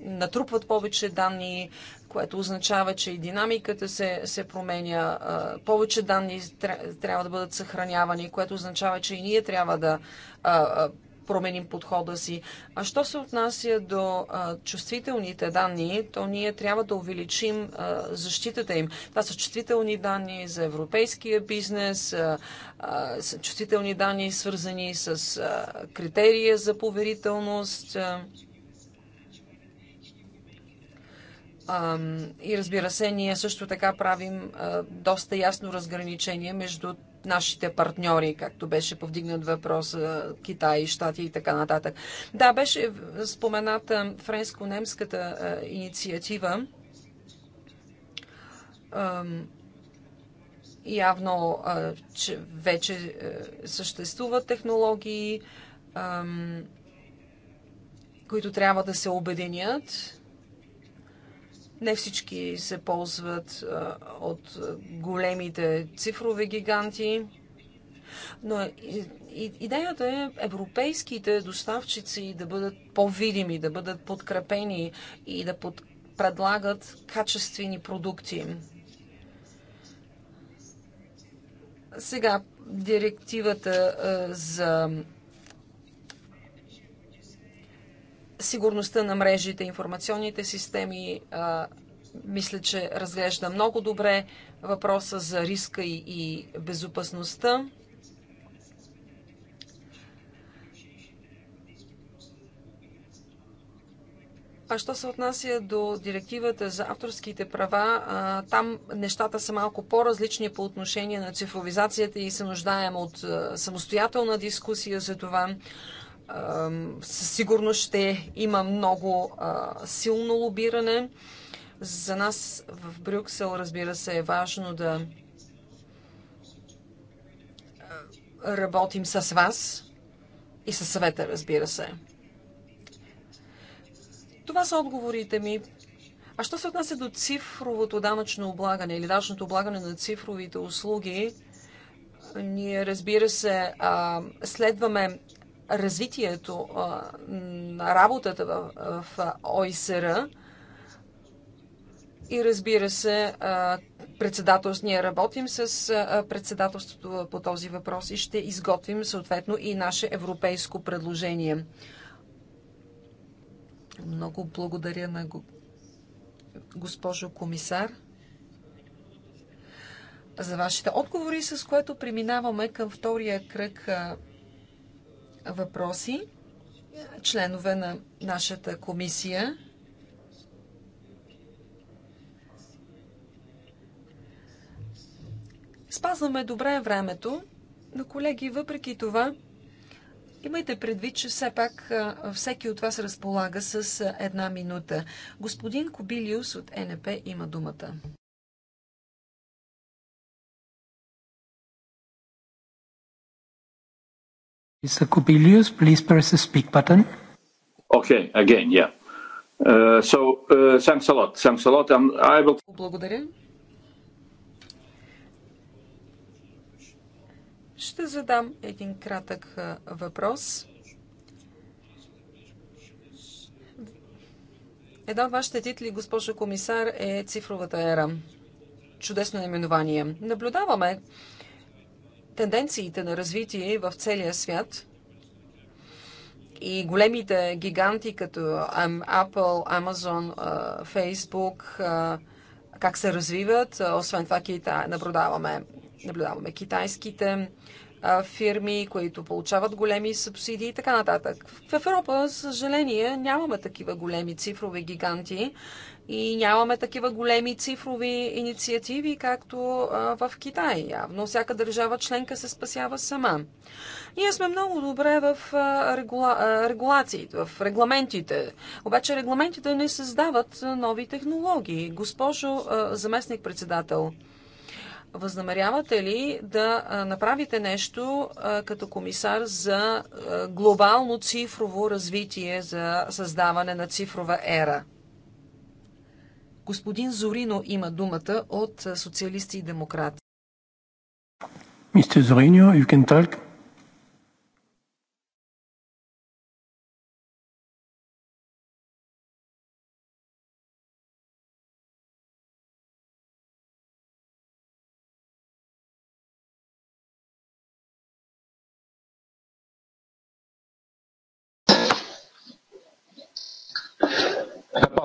натрупват повече данни, което означава, че и динамиката се, се променя, повече данни трябва да бъдат съхранявани, което означава, че и ние трябва да променим подхода си. А що се отнася до а, чувствителните данни, то ние трябва да увеличим а, защитата им. Това са чувствителни данни за европейския бизнес, а, а, чувствителни данни свързани с а, критерия за поверителност. А, и разбира се, ние също така правим доста ясно разграничение между нашите партньори, както беше повдигнат въпрос Китай, Штати и така нататък. Да, беше спомената френско-немската инициатива. Явно, че вече съществуват технологии, които трябва да се обединят не всички се ползват от големите цифрови гиганти. Но идеята е европейските доставчици да бъдат по-видими, да бъдат подкрепени и да предлагат качествени продукти. Сега директивата за сигурността на мрежите, информационните системи. Мисля, че разглежда много добре въпроса за риска и безопасността. А що се отнася до директивата за авторските права, там нещата са малко по-различни по отношение на цифровизацията и се нуждаем от самостоятелна дискусия за това със сигурност ще има много силно лобиране. За нас в Брюксел, разбира се, е важно да работим с вас и със съвета, разбира се. Това са отговорите ми. А що се отнася до цифровото данъчно облагане или данъчното облагане на цифровите услуги, ние, разбира се, следваме развитието на работата в ОИСР и разбира се, председателство. Ние работим с председателството по този въпрос и ще изготвим съответно и наше европейско предложение. Много благодаря на госпожо комисар за вашите отговори, с което преминаваме към втория кръг въпроси, членове на нашата комисия. Спазваме добре времето, но колеги, въпреки това, имайте предвид, че все пак всеки от вас разполага с една минута. Господин Кобилиус от НП има думата. Mr. Kubilius, please press the speak button. Okay, again, yeah. Uh, so, uh, thanks a lot. Thanks a lot. And um, I will... Благодаря. Ще задам един кратък въпрос. Една от вашите титли, госпожо комисар, е цифровата ера. Чудесно наименование. Наблюдаваме тенденциите на развитие в целия свят и големите гиганти като Apple, Amazon, Facebook, как се развиват. Освен това, наблюдаваме, наблюдаваме китайските фирми, които получават големи субсидии и така нататък. В Европа, за съжаление, нямаме такива големи цифрови гиганти и нямаме такива големи цифрови инициативи, както а, в Китай. Явно всяка държава членка се спасява сама. Ние сме много добре в а, регула... регулациите, в регламентите. Обаче регламентите не създават нови технологии. Госпожо заместник-председател, Възнамерявате ли да направите нещо като комисар за глобално цифрово развитие, за създаване на цифрова ера? Господин Зорино има думата от социалисти и демократи. Мистер Зорино, you can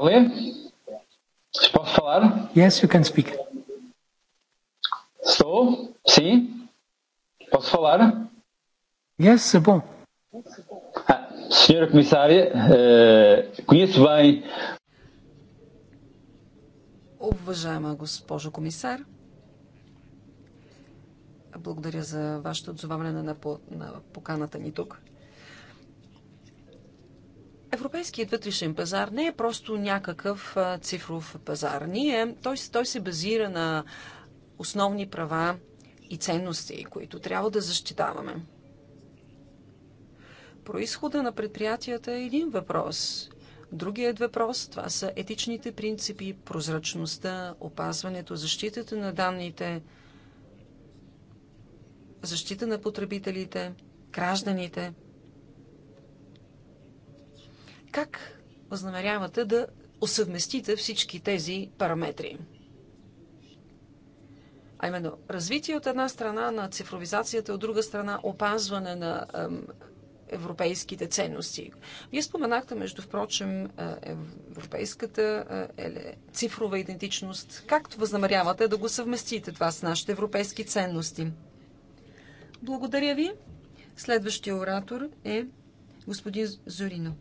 Cláudia? Posso falar? Yes, you can speak. Estou? Sim? Posso falar? Yes, é bom. Ah, senhora Comissária, uh, conheço bem. Уважаема госпожо комисар, благодаря за вашето отзоваване на поканата ни тук. Европейският вътрешен пазар не е просто някакъв цифров пазар. Ние, той, той се базира на основни права и ценности, които трябва да защитаваме. Произхода на предприятията е един въпрос. Другият въпрос това са етичните принципи, прозрачността, опазването, защитата на данните, защита на потребителите, гражданите – как възнамерявате да осъвместите всички тези параметри? А именно, развитие от една страна на цифровизацията, от друга страна опазване на европейските ценности. Вие споменахте, между впрочем, европейската еле, цифрова идентичност. Както възнамерявате да го съвместите това с нашите европейски ценности? Благодаря ви. Следващия оратор е господин Зорино.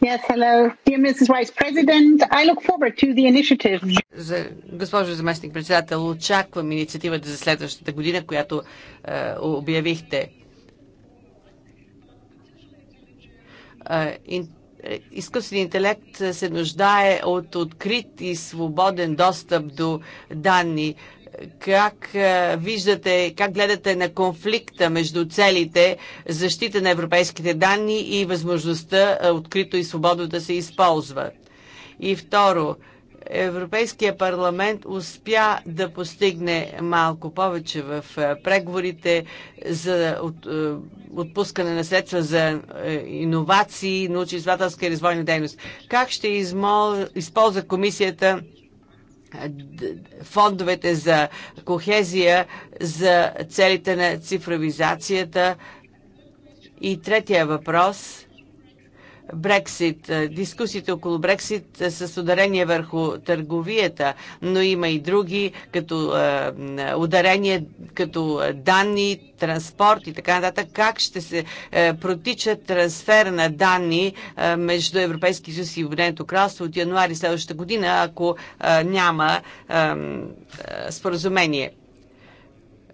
Yes, hello. Dear Mrs. Vice President, I look forward to the initiative. За, госпожо заместник председател, очаквам инициативата за следващата година, която е, обявихте. Е, е, изкуственият интелект се нуждае от открит и свободен достъп до данни. Как е, виждате, как гледате на конфликта между целите защита на европейските данни и възможността е, открито и свободно да се използва? И второ, Европейския парламент успя да постигне малко повече в е, преговорите за отпускане на средства за иновации, научно-изследователска и развойна дейност. Как ще измол... използва комисията фондовете за кохезия за целите на цифровизацията. И третия въпрос Брексит, е, дискусиите около Брексит е, с ударение върху търговията, но има и други, като е, ударение, като данни, транспорт и така нататък. Как ще се протича трансфер на данни между Европейския съюз и Обединеното кралство от януари следващата година, ако няма споразумение?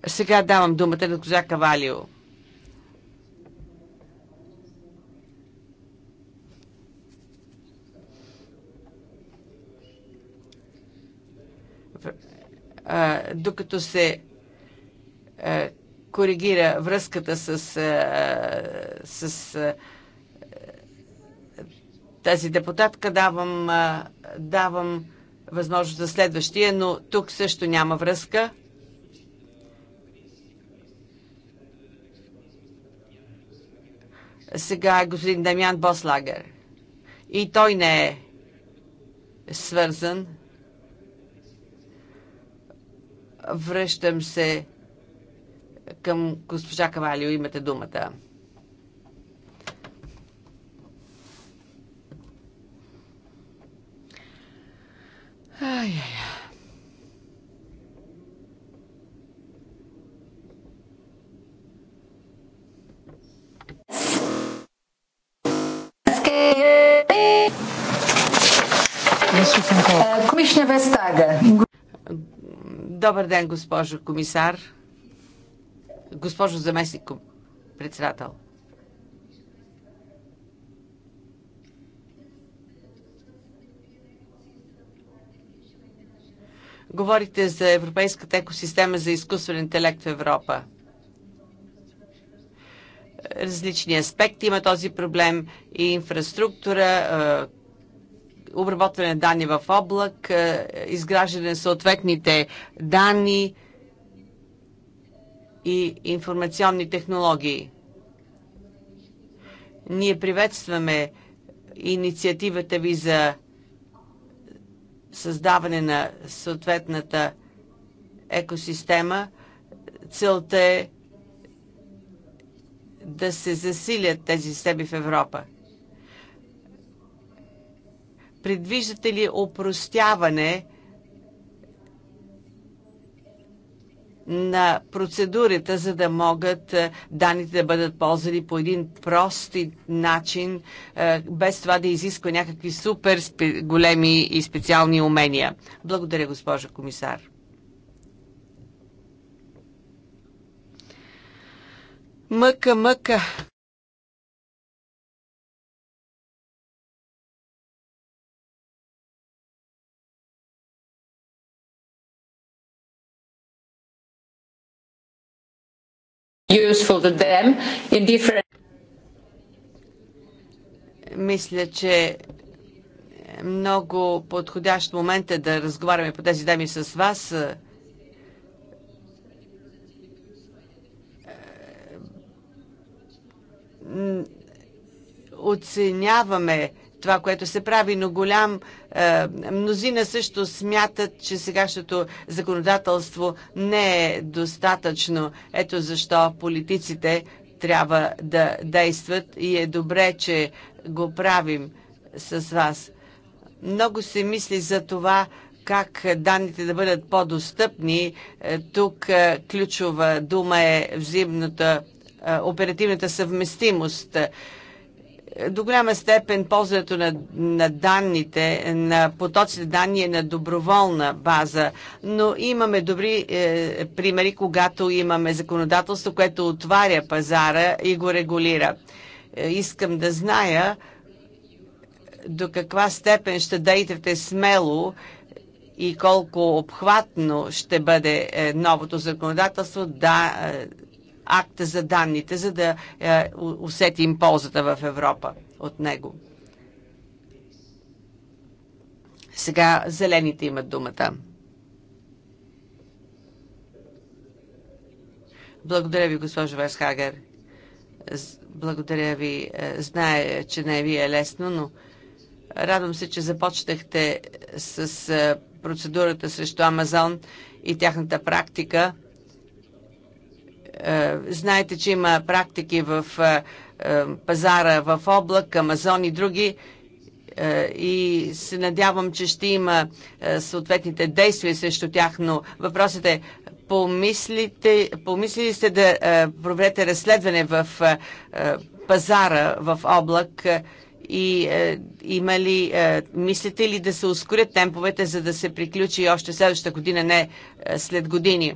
Сега давам думата на госпожа Кавалио. докато се коригира връзката с, с тази депутатка, давам, давам възможност за следващия, но тук също няма връзка. Сега е господин Дамян Бослагер. И той не е свързан. Връщам се към госпожа Кавалио. Имате думата. Ай, ай, ай. Добър ден, госпожо комисар. Госпожо заместник председател. Говорите за Европейската екосистема за изкуствен интелект в Европа. Различни аспекти има този проблем и инфраструктура, обработване на данни в облак, е, изграждане на съответните данни и информационни технологии. Ние приветстваме инициативата ви за създаване на съответната екосистема. Целта е да се засилят тези системи в Европа. Предвиждате ли опростяване на процедурата, за да могат е, данните да бъдат ползвани по един прост начин, е, без това да изисква някакви супер големи и специални умения. Благодаря, госпожа комисар. Мъка, мъка. useful to them in different мисля, че много подходящ момент е да разговаряме по тези теми с вас. Е, оценяваме това, което се прави, но голям е, мнозина също смятат, че сегашното законодателство не е достатъчно. Ето защо политиците трябва да действат и е добре, че го правим с вас. Много се мисли за това, как данните да бъдат по-достъпни. Е, тук е, ключова дума е взаимната оперативната съвместимост. До голяма степен ползването на, на данните, на потоците данни е на доброволна база, но имаме добри е, примери, когато имаме законодателство, което отваря пазара и го регулира. Е, искам да зная до каква степен ще дейте смело и колко обхватно ще бъде е, новото законодателство, да, е, акта за данните, за да е, усетим ползата в Европа от него. Сега зелените имат думата. Благодаря ви, госпожо Весхагер. Благодаря ви. Е, Знае, че не ви е лесно, но радвам се, че започнахте с е, процедурата срещу Амазон и тяхната практика е, знаете, че има практики в е, е, пазара в облак, Амазон и други и се надявам, че ще има съответните действия срещу тях, но въпросът е помислите, помислили сте да проведете разследване в пазара в облак, и е, има ли, е, мислите ли да се ускорят темповете, за да се приключи още следващата година, не е, след години?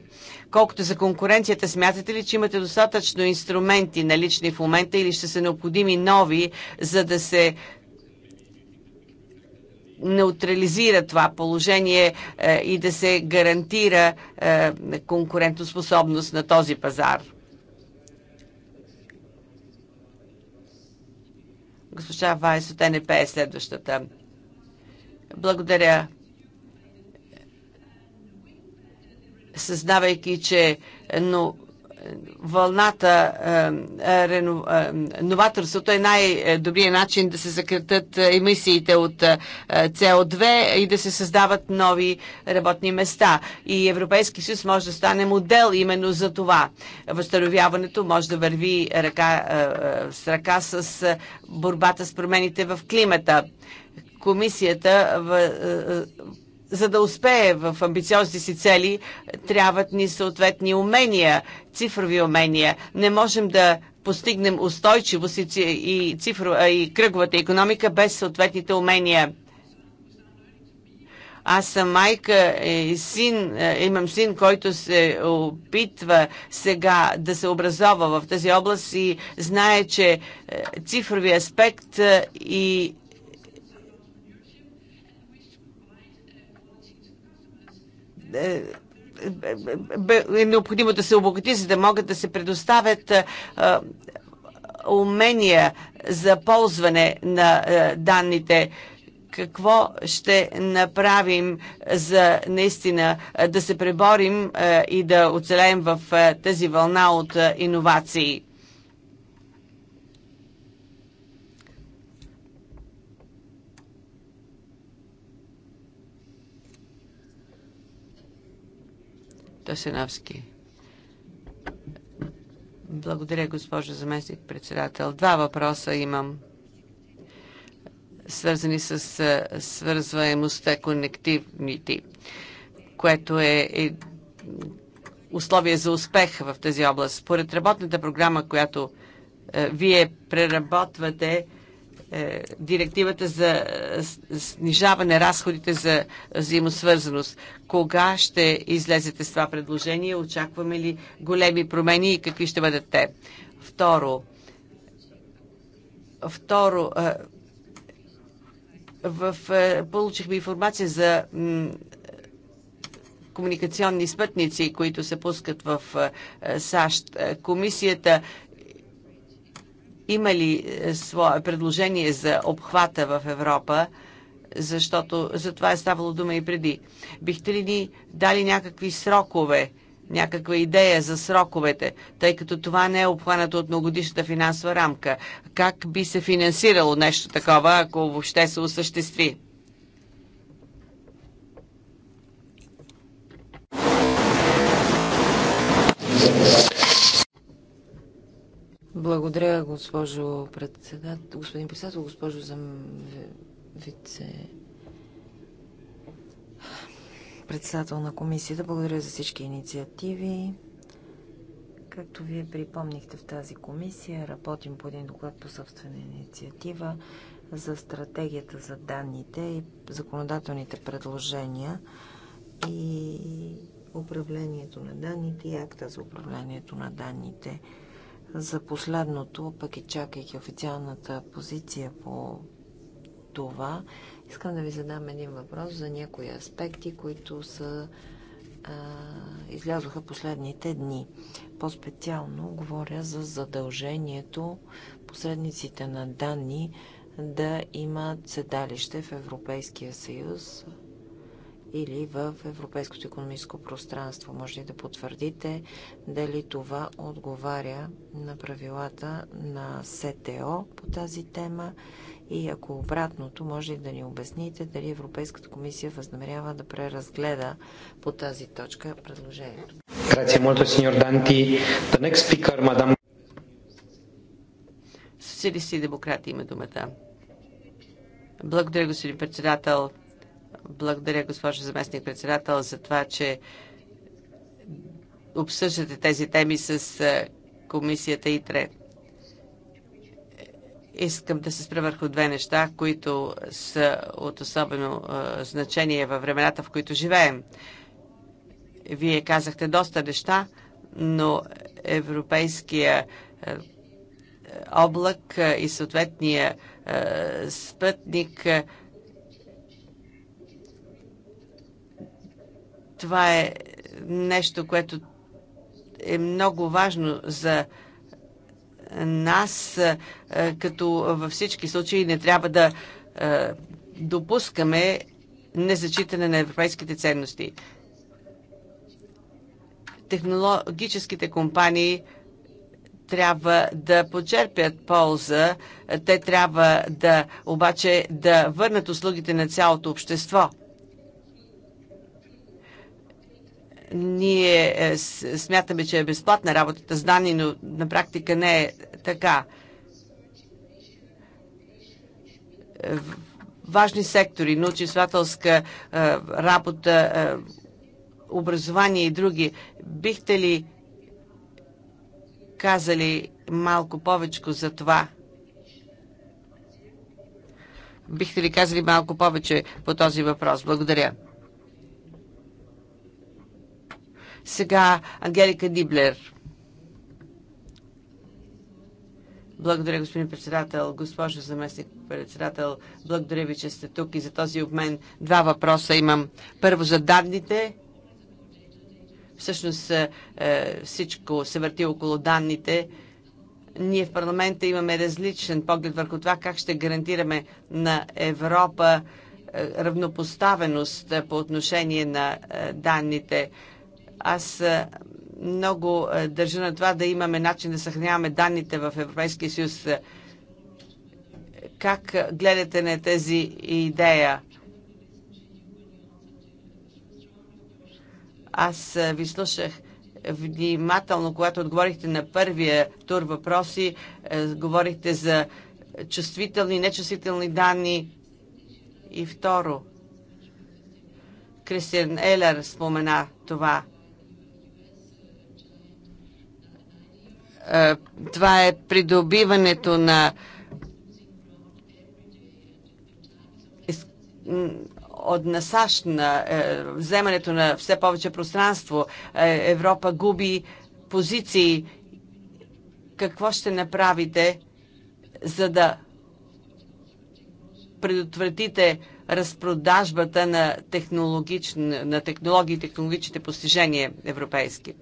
Колкото за конкуренцията, смятате ли, че имате достатъчно инструменти налични в момента или ще са необходими нови, за да се неутрализира това положение е, и да се гарантира е, конкурентоспособност на този пазар? Госпожа Вайс от НП е следващата. Благодаря. Съзнавайки, че но вълната, е, е, рено, е, новаторството е най-добрият начин да се съкратат емисиите от CO2 и да се създават нови работни места. И Европейски съюз може да стане модел именно за това. Възстановяването може да върви ръка, с ръка с борбата с промените в климата. Комисията за да успее в амбициозните си цели, трябват ни съответни умения, цифрови умения. Не можем да постигнем устойчивост и, цифро, и кръговата економика без съответните умения. Аз съм майка и син, е, имам син, който се опитва сега да се образова в тази област и знае, че е, цифровия аспект е, и Е, е, е, е необходимо да се обогати, за да могат да се предоставят умения за ползване на данните какво ще направим за наистина да се преборим и да оцелеем в тази вълна от иновации. Тосеновски. Благодаря, госпожо заместник председател. Два въпроса имам, свързани с свързваемостта, конективните, което е, е условие за успех в тази област. Според работната програма, която е, вие преработвате, е, директивата за е, снижаване разходите за взаимосвързаност. Кога ще излезете с това предложение? Очакваме ли големи промени и какви ще бъдат те? Второ, второ е, в, получихме информация за комуникационни спътници, които се пускат в САЩ. Комисията има ли е, свое предложение за обхвата в Европа, защото за това е ставало дума и преди. Бихте ли ни дали някакви срокове, някаква идея за сроковете, тъй като това не е обхванато от многогодишната финансова рамка? Как би се финансирало нещо такова, ако въобще се осъществи? Yes. Благодаря, госпожо председател, господин председател, госпожо зам... вице председател на комисията. Благодаря за всички инициативи. Както вие припомнихте в тази комисия, работим по един доклад по собствена инициатива за стратегията за данните и законодателните предложения и управлението на данните и акта за управлението на данните за последното, пък и чакайки официалната позиция по това, искам да ви задам един въпрос за някои аспекти, които са а, излязоха последните дни. По-специално говоря за задължението посредниците на данни да имат седалище в Европейския съюз или в Европейското економическо пространство. Може ли да потвърдите дали това отговаря на правилата на СТО по тази тема и ако обратното, може ли да ни обясните дали Европейската комисия възнамерява да преразгледа по тази точка предложението? Е The next speaker, Социалисти и демократи има думата. Благодаря, господин председател. Благодаря, госпожо заместник председател, за това, че обсъждате тези теми с е, комисията ИТРЕ. Искам да се спра върху две неща, които са от особено е, значение във времената, в които живеем. Вие казахте доста неща, но европейския е, облак и съответния спътник Това е нещо, което е много важно за нас, е, като във всички случаи не трябва да е, допускаме незачитане на европейските ценности. Технологическите компании трябва да почерпят полза, те трябва да обаче да върнат услугите на цялото общество – ние е, смятаме, че е безплатна работата с данни, но на практика не е така. Е, важни сектори, научно-изследователска е, работа, образование и други. Бихте ли казали малко повече за това? Бихте ли казали малко повече по този въпрос? Благодаря. Сега Ангелика Диблер. Благодаря, господин председател, госпожо заместник председател. Благодаря ви, че сте тук и за този обмен. Два въпроса имам. Първо за данните. Всъщност е, всичко се върти около данните. Ние в парламента имаме различен поглед върху това как ще гарантираме на Европа е, равнопоставеност е, по отношение на данните аз е, много е, държа на това да имаме начин да съхраняваме данните в Европейския съюз. Е, как гледате на тази идея? Аз ви слушах внимателно, когато отговорихте на първия тур въпроси, говорихте за чувствителни и нечувствителни данни. И второ, Кристиан Елер спомена това – Е, това е придобиването на от насащ на е, вземането на все повече пространство. Е, Европа губи позиции. Какво ще направите, за да предотвратите разпродажбата на, технологични, на технологии и технологичните постижения европейски?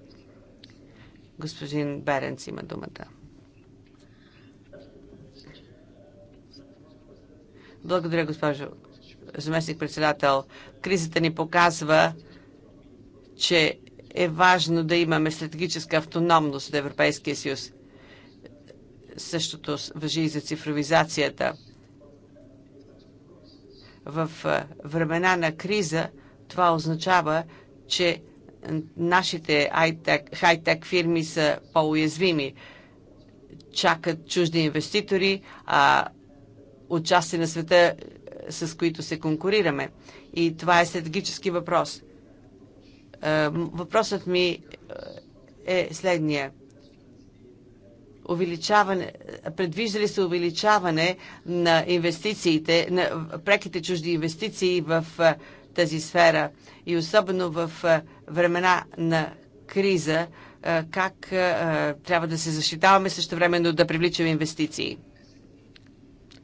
Господин Беренц има думата. Благодаря, госпожо заместник-председател. Кризата ни показва, че е важно да имаме стратегическа автономност от Европейския съюз. Същото въжи и за цифровизацията. В времена на криза това означава, че нашите хай-тек фирми са по-уязвими. Чакат чужди инвеститори, а от части на света, с които се конкурираме. И това е стратегически въпрос. Е, въпросът ми е, е следния увеличаване, предвижда ли се увеличаване на инвестициите, на преките чужди инвестиции в е, тази сфера и особено в времена на криза, как трябва да се защитаваме, също времено да привличаме инвестиции.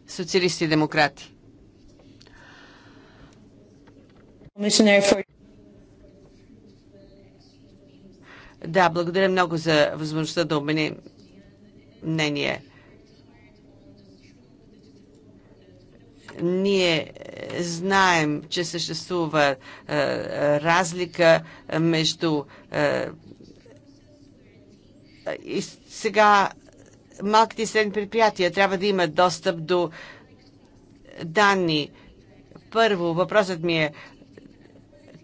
Социалисти и демократи. Да, благодаря много за възможността да обменим мнение. Ние е, знаем, че съществува е, разлика между. Е, и сега малките и средни предприятия трябва да имат достъп до данни. Първо, въпросът ми е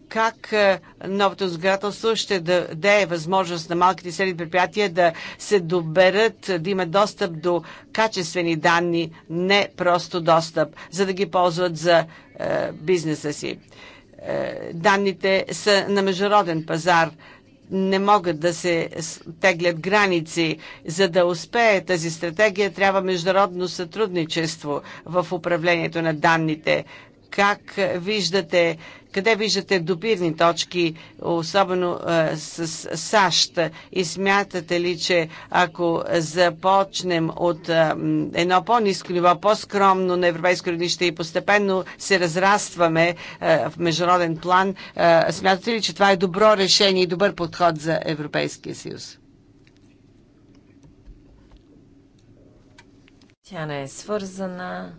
как е, новото сградателство ще даде възможност на малките и средни предприятия да се доберат, да имат достъп до качествени данни, не просто достъп, за да ги ползват за е, бизнеса си. Е, данните са на международен пазар не могат да се теглят граници. За да успее тази стратегия, трябва международно сътрудничество в управлението на данните. Как виждате къде виждате допирни точки, особено с, САЩ? И смятате ли, че ако започнем от едно по-низко ниво, по-скромно на европейско равнище и постепенно се разрастваме в международен план, смятате ли, че това е добро решение и добър подход за Европейския съюз? Тя не е свързана.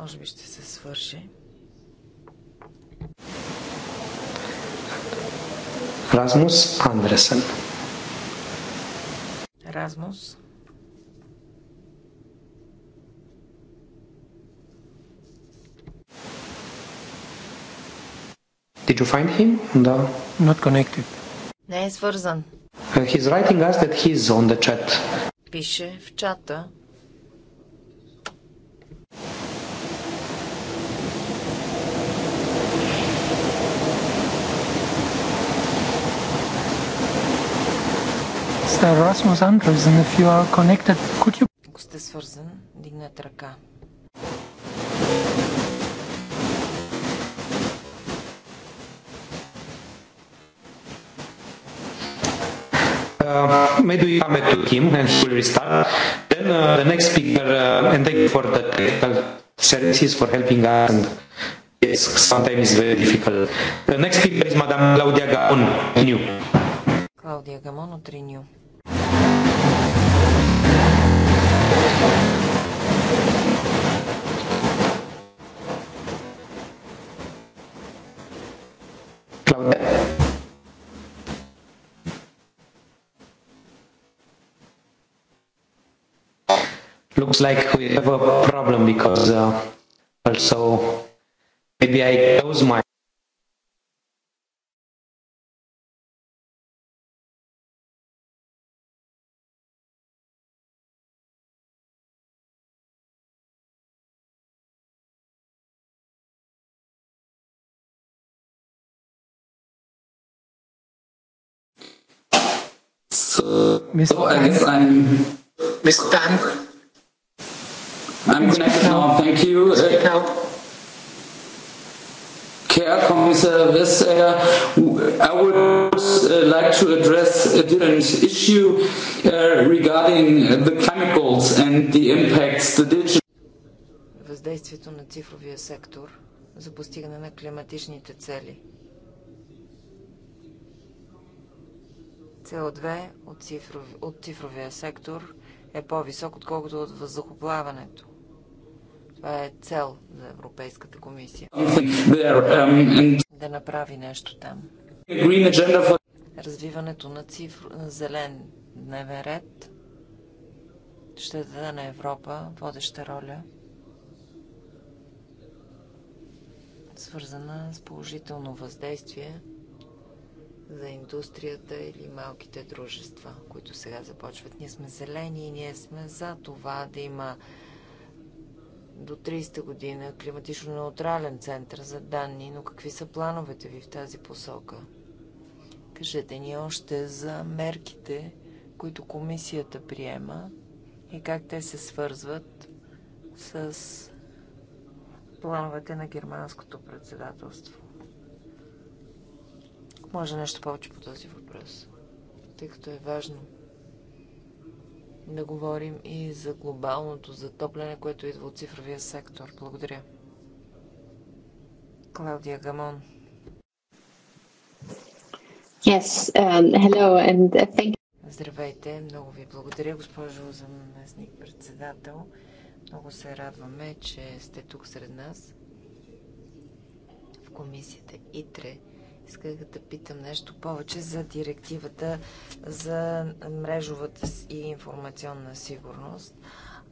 Може би ще се свърши. Размус Андресен. Размус. Did you find him? No. Not connected. Не е свързан. Uh, he's writing us that he's on the chat. Пише в чата, Mr. Rasmus Andresen, if you are connected, could you... Ако сте свързан, дигнете ръка. Uh, maybe you come back to him and we'll restart. Then uh, the next speaker, uh, and thank you for the technical services for helping us. And it's sometimes it's very difficult. The next speaker is Madame Claudia Gamon, Renew. Claudia Gamon от Renew. looks like we have a problem because uh, also maybe I close my Miss so I guess I'm Miss Tan. I'm connected now. Thank you. Care Commissar Vestager, I would uh, like to address a different issue uh, regarding the chemicals and the impacts, the digital. Въздействието на цифровия сектор за постигане на климатичните цели – CO2 от, цифров, от цифровия сектор е по-висок, отколкото от въздухоплаването. Това е цел за Европейската комисия. Да направи нещо там. Развиването на, цифр... на зелен дневен ред ще даде на Европа водеща роля, свързана с положително въздействие за индустрията или малките дружества, които сега започват. Ние сме зелени и ние сме за това да има до 30 година климатично неутрален център за данни, но какви са плановете ви в тази посока? Кажете ни още за мерките, които комисията приема и как те се свързват с плановете на германското председателство. Може нещо повече по този въпрос, тъй като е важно да говорим и за глобалното затопляне, което идва от цифровия сектор. Благодаря. Клаудия Гамон. Yes, um, hello and uh, thank Здравейте, много ви благодаря, госпожо заместник председател. Много се радваме, че сте тук сред нас в комисията ИТРЕ Исках да питам нещо повече за директивата за мрежовата и информационна сигурност,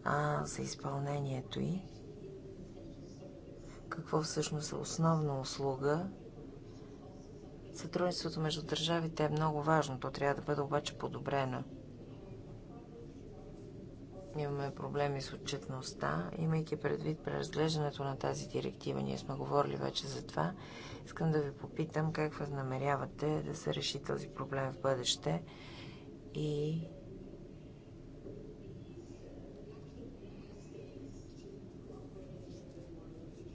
а за изпълнението й. Какво всъщност е основна услуга? Сътрудничеството между държавите е много важно. То трябва да бъде обаче подобрено. Имаме проблеми с отчетността, имайки предвид преразглеждането на тази директива. Ние сме говорили вече за това Искам да ви попитам как възнамерявате да се реши този проблем в бъдеще и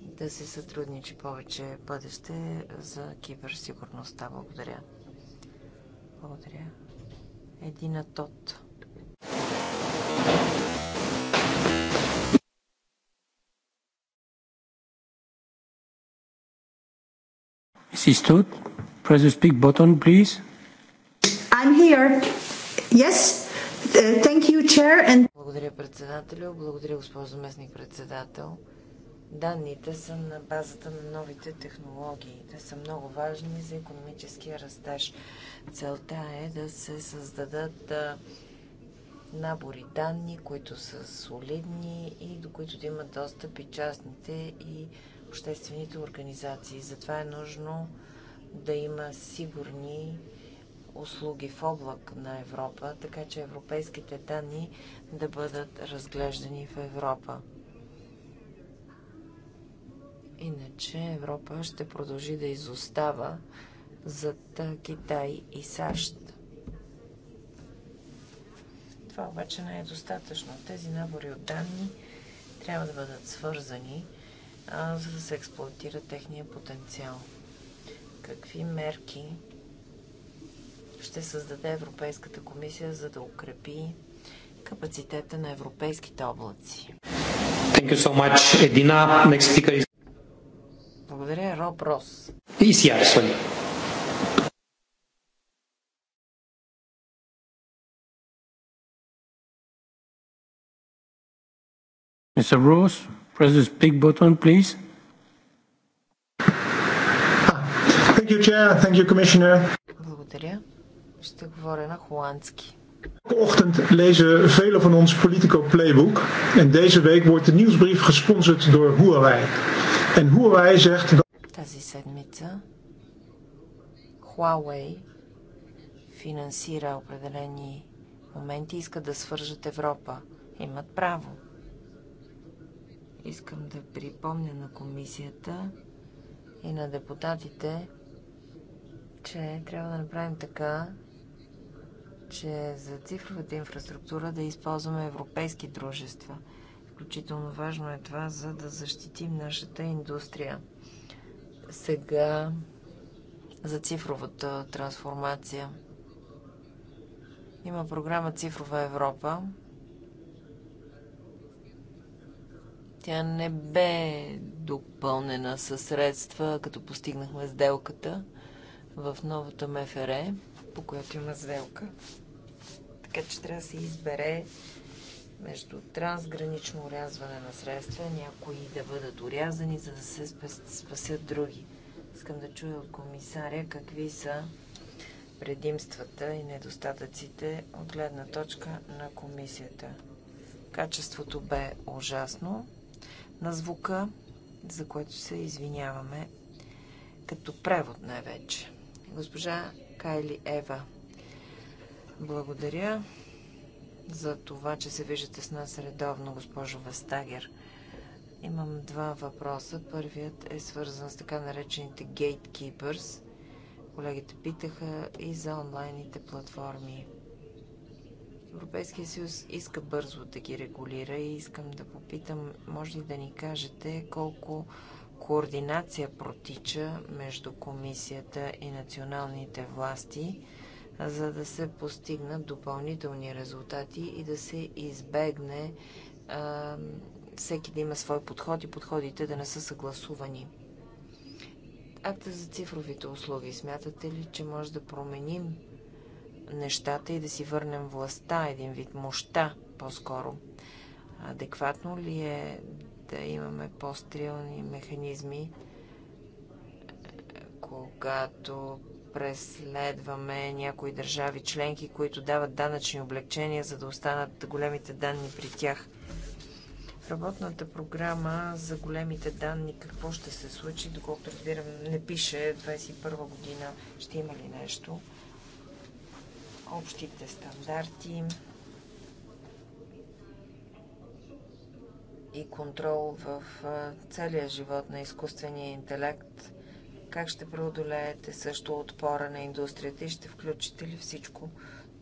да се сътрудничи повече в бъдеще за киберсигурността. Благодаря. Благодаря. Един тот. Press the speak button, please. I'm here. Yes. Uh, thank you, chair. And... Благодаря председателю, благодаря госпожо заместник председател. Данните са на базата на новите технологии. Те са много важни за економическия растеж. Целта е да се създадат набори данни, които са солидни и до които да имат достъп и частните и обществените организации. Затова е нужно да има сигурни услуги в облак на Европа, така че европейските данни да бъдат разглеждани в Европа. Иначе Европа ще продължи да изостава зад Китай и САЩ. Това обаче не е достатъчно. Тези набори от данни трябва да бъдат свързани а, за да се експлуатира техния потенциал. Какви мерки ще създаде Европейската комисия, за да укрепи капацитета на европейските облаци? So Благодаря, Роб Рос. ECR, sorry. Mr. Rose? Press the speak button, please. Thank you, Chair. Thank you, Commissioner. Благодаря. Ще говоря на холандски. Elke ochtend lezen velen van ons Politico Playbook en deze week wordt de nieuwsbrief gesponsord door Huawei. En Huawei zegt dat... Тази седмица Huawei финансира определени моменти, искат да свържат Европа. Имат право. Искам да припомня на комисията и на депутатите, че трябва да направим така, че за цифровата инфраструктура да използваме европейски дружества. Включително важно е това, за да защитим нашата индустрия. Сега за цифровата трансформация. Има програма Цифрова Европа, Тя не бе допълнена със средства, като постигнахме сделката в новата МФР, по която има сделка. Така че трябва да се избере между трансгранично урязване на средства, някои да бъдат урязани, за да се спасят други. Искам да чуя от комисаря какви са предимствата и недостатъците от гледна точка на комисията. Качеството бе ужасно на звука, за което се извиняваме като превод най-вече. Госпожа Кайли Ева, благодаря за това, че се виждате с нас редовно, госпожо Вестагер. Имам два въпроса. Първият е свързан с така наречените gatekeepers. Колегите питаха и за онлайните платформи. Европейския съюз иска бързо да ги регулира и искам да попитам, може ли да ни кажете колко координация протича между комисията и националните власти, за да се постигнат допълнителни резултати и да се избегне а, всеки да има свой подход и подходите да не са съгласувани. Акта за цифровите услуги. Смятате ли, че може да променим нещата и да си върнем властта, един вид мощта по-скоро. Адекватно ли е да имаме по-стрилни механизми, е, когато преследваме някои държави членки, които дават данъчни облегчения, за да останат големите данни при тях? работната програма за големите данни, какво ще се случи, доколкото разбирам, не пише 21 година, ще има ли нещо общите стандарти и контрол в целия живот на изкуствения интелект? Как ще преодолеете също отпора на индустрията и ще включите ли всичко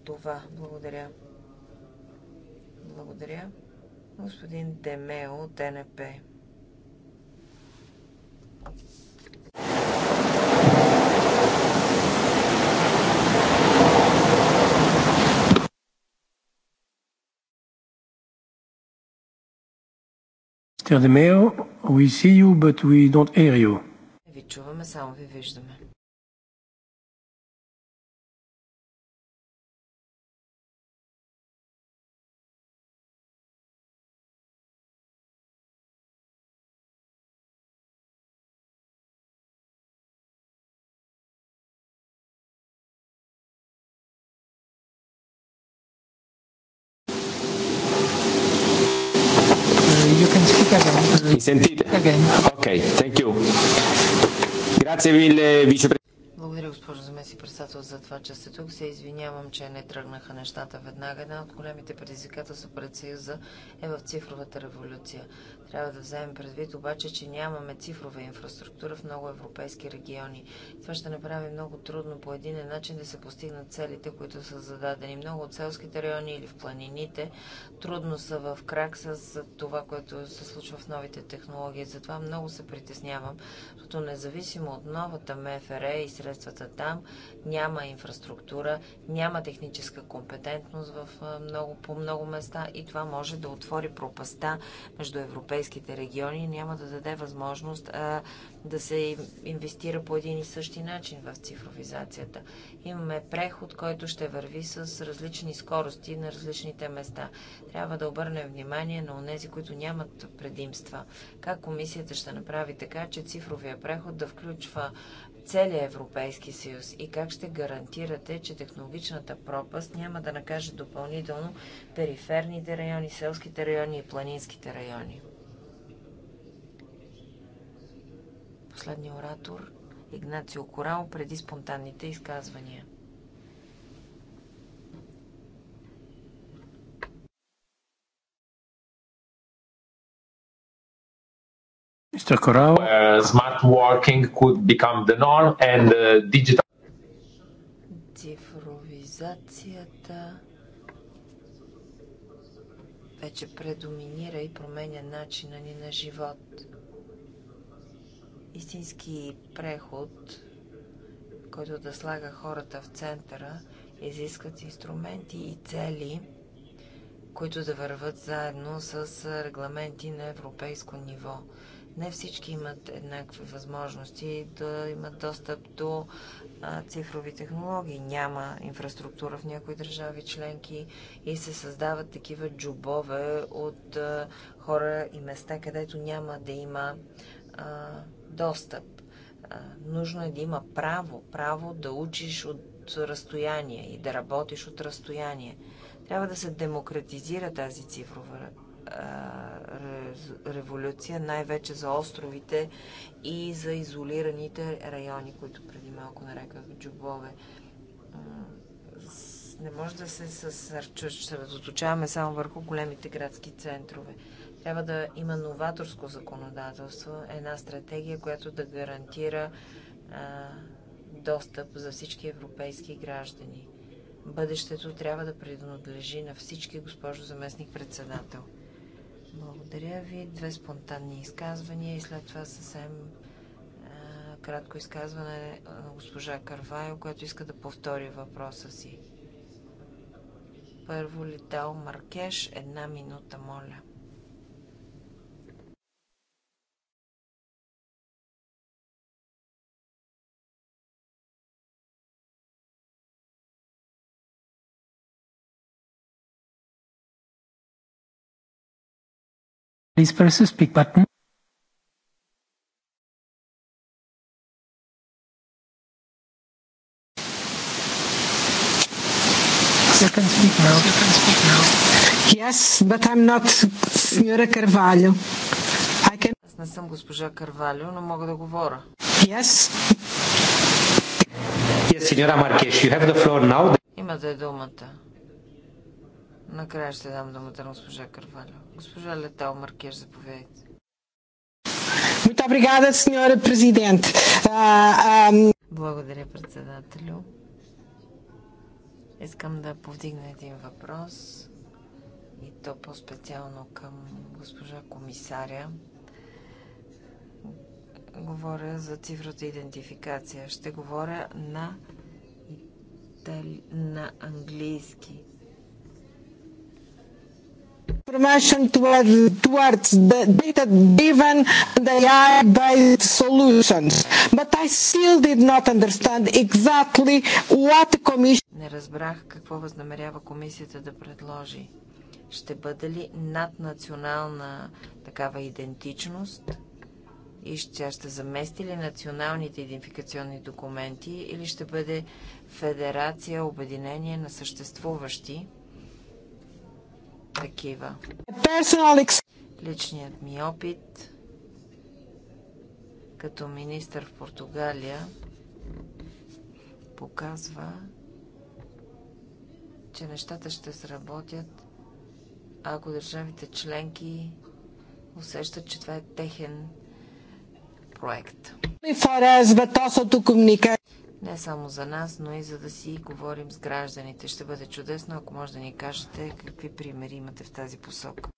това? Благодаря. Благодаря. Господин Демео, ДНП. Mr. De Meo, we see you, but we don't hear you. Не ви чуваме, само ви виждаме. sentite? Ok, okay thank you. Grazie mille vicepresidente. Благодаря, госпожо заместник председател, за това, че сте тук. Се извинявам, че не тръгнаха нещата веднага. Една от големите предизвикателства пред Съюза е в цифровата революция. Трябва да вземем предвид обаче, че нямаме цифрова инфраструктура в много европейски региони. Това ще направи много трудно по един начин да се постигнат целите, които са зададени. Много от селските райони или в планините трудно са в крак с това, което се случва в новите технологии. Затова много се притеснявам, защото независимо от новата МФР и средства, дружествата там, няма инфраструктура, няма техническа компетентност в много, по много места и това може да отвори пропаста между европейските региони, няма да даде възможност а, да се инвестира по един и същи начин в цифровизацията. Имаме преход, който ще върви с различни скорости на различните места. Трябва да обърнем внимание на тези, които нямат предимства. Как комисията ще направи така, че цифровия преход да включва целия Европейски съюз и как ще гарантирате, че технологичната пропаст няма да накаже допълнително периферните райони, селските райони и планинските райони? Последният оратор Игнацио Корал преди спонтанните изказвания. Mr. Corral? Where smart working could become the norm and uh, digital... Цифровизацията вече предоминира и променя начина ни на живот. Истински преход, който да слага хората в центъра, изискват инструменти и цели, които да върват заедно с регламенти на европейско ниво. Не всички имат еднакви възможности да имат достъп до цифрови технологии. Няма инфраструктура в някои държави членки и се създават такива джубове от хора и места, където няма да има достъп. Нужно е да има право, право да учиш от разстояние и да работиш от разстояние. Трябва да се демократизира тази цифрова революция, най-вече за островите и за изолираните райони, които преди малко нареках джубове. Не може да се съсредоточаваме само върху големите градски центрове. Трябва да има новаторско законодателство, една стратегия, която да гарантира а, достъп за всички европейски граждани. Бъдещето трябва да принадлежи на всички, госпожо заместник-председател. Благодаря ви. Две спонтанни изказвания и след това съвсем а, кратко изказване на госпожа Карвайо, която иска да повтори въпроса си. Първо Литал Маркеш, една минута, моля. Please press the speak button. You can speak now. You can speak now. Yes, but I'm not Signora Carvalho. I can... Аз не съм госпожа Карвалио, но мога да говоря. Yes. Yes, Signora Marques, you have the floor now. Имате думата. Накрая ще дам думата на госпожа Карвалю. Госпожа Летал Маркир, заповядайте. Muito бригада, senhora президент. Благодаря, председателю. Искам да повдигна един въпрос и то по-специално към госпожа комисаря. Говоря за цифрата идентификация. Ще говоря на, на английски information towards, towards the data-driven and AI-based solutions. But I still did not understand exactly what the commission... Не разбрах какво възнамерява комисията да предложи. Ще бъде ли наднационална такава идентичност? и ще, ще замести ли националните идентификационни документи или ще бъде федерация, обединение на съществуващи такива. Личният ми опит като министър в Португалия показва, че нещата ще сработят, ако държавите членки усещат, че това е техен проект. Не само за нас, но и за да си говорим с гражданите. Ще бъде чудесно, ако може да ни кажете какви примери имате в тази посока.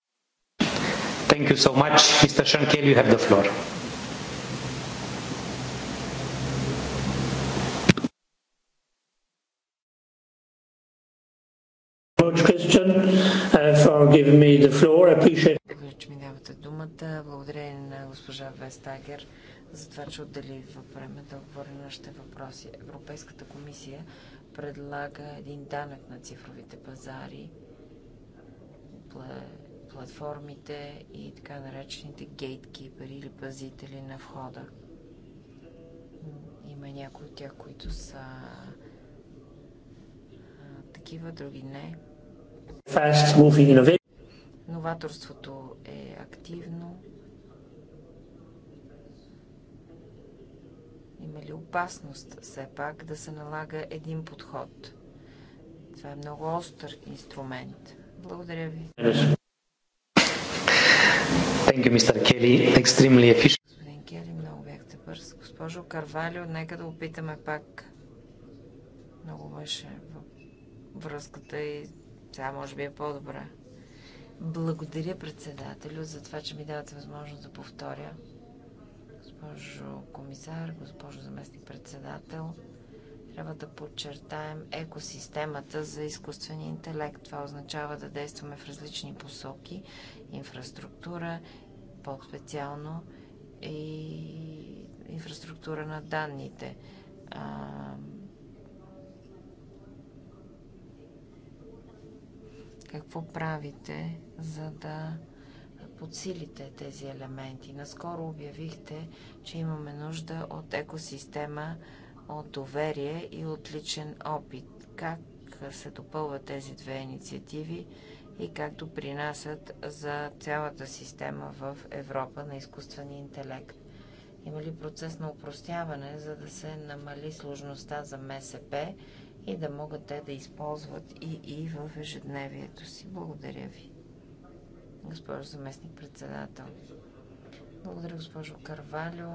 Thank you so much. Mr. Shankel, you have the floor. Uh, че ми давате думата. Благодаря на госпожа Вестагер за това, че отдели време да отговори на нашите въпроси. Европейската комисия предлага един данък на цифровите пазари, платформите и така наречените гейткипери или пазители на входа. Има някои от тях, които са а, такива, други не. Новаторството е активно Има ли опасност все пак да се налага един подход? Това е много остър инструмент. Благодаря ви. Thank you, Mr. Kelly. Extremely efficient. Господин Кели, много бяхте бърз. Госпожо Карвалио, нека да опитаме пак. Много беше връзката и сега може би е по-добра. Благодаря председателю за това, че ми давате възможност да повторя госпожо комисар, госпожо заместник-председател. Трябва да подчертаем екосистемата за изкуствения интелект. Това означава да действаме в различни посоки инфраструктура, по-специално и инфраструктура на данните. А, какво правите, за да подсилите тези елементи. Наскоро обявихте, че имаме нужда от екосистема, от доверие и от личен опит. Как се допълват тези две инициативи и как допринасят за цялата система в Европа на изкуствения интелект? Има ли процес на упростяване, за да се намали сложността за МСП и да могат те да използват и, и в ежедневието си? Благодаря ви госпожо заместник-председател. Благодаря, госпожо Карвалю.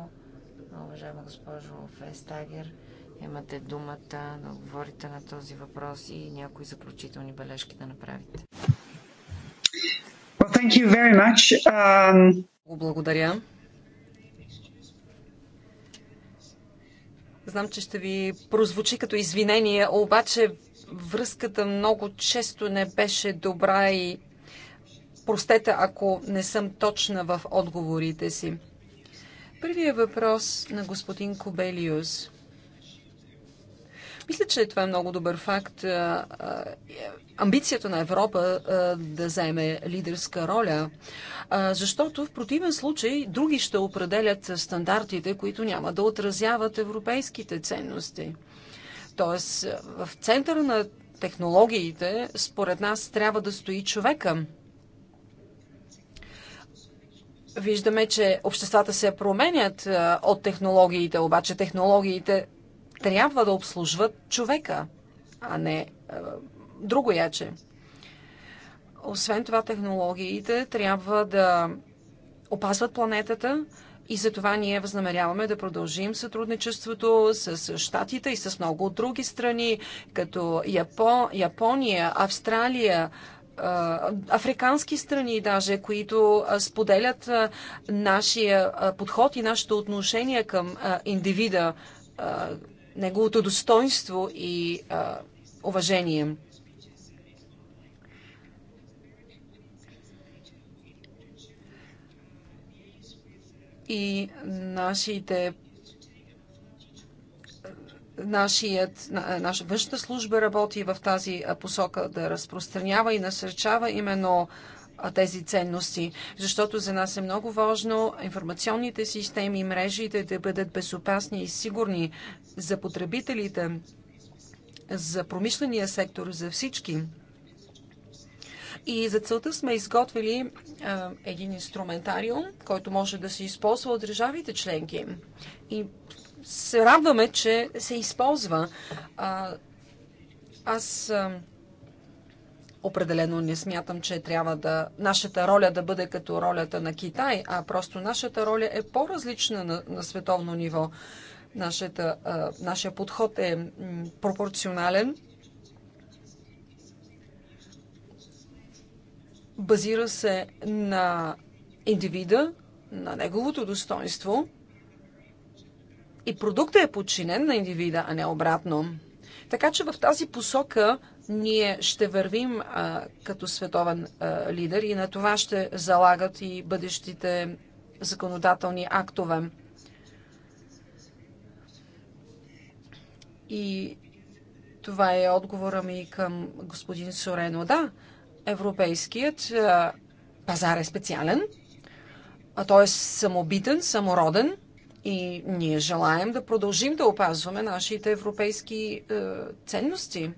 Уважаема госпожо Фестагер, имате думата да отговорите на този въпрос и някои заключителни бележки да направите. Well, thank you very much. Um... Благодаря. Знам, че ще ви прозвучи като извинение, обаче връзката много често не беше добра и Простете, ако не съм точна в отговорите си. Първият въпрос на господин Кобелиус. Мисля, че това е много добър факт. Амбицията на Европа да заеме лидерска роля, защото в противен случай други ще определят стандартите, които няма да отразяват европейските ценности. Тоест, в центъра на технологиите, според нас, трябва да стои човека – Виждаме, че обществата се променят е, от технологиите, обаче технологиите трябва да обслужват човека, а не е, друго яче. Освен това, технологиите трябва да опазват планетата и за това ние възнамеряваме да продължим сътрудничеството с Штатите и с много други страни, като Япония, Австралия, африкански страни даже, които споделят нашия подход и нашето отношение към индивида, неговото достоинство и уважение. И нашите Нашият, наша външна служба работи в тази посока да разпространява и насърчава именно тези ценности, защото за нас е много важно информационните системи и мрежите да бъдат безопасни и сигурни за потребителите, за промишления сектор, за всички. И за целта сме изготвили а, един инструментариум, който може да се използва от държавите членки. И се радваме, че се използва. А, аз а, определено не смятам, че трябва да. Нашата роля да бъде като ролята на Китай, а просто нашата роля е по-различна на, на световно ниво. Нашата, а, нашия подход е пропорционален. Базира се на индивида, на неговото достоинство и продукта е подчинен на индивида, а не обратно. Така че в тази посока ние ще вървим а, като световен а, лидер и на това ще залагат и бъдещите законодателни актове. И това е отговора ми към господин Сорено. Да, европейският а, пазар е специален, а той е самобитен, самороден – и ние желаем да продължим да опазваме нашите европейски е, ценности.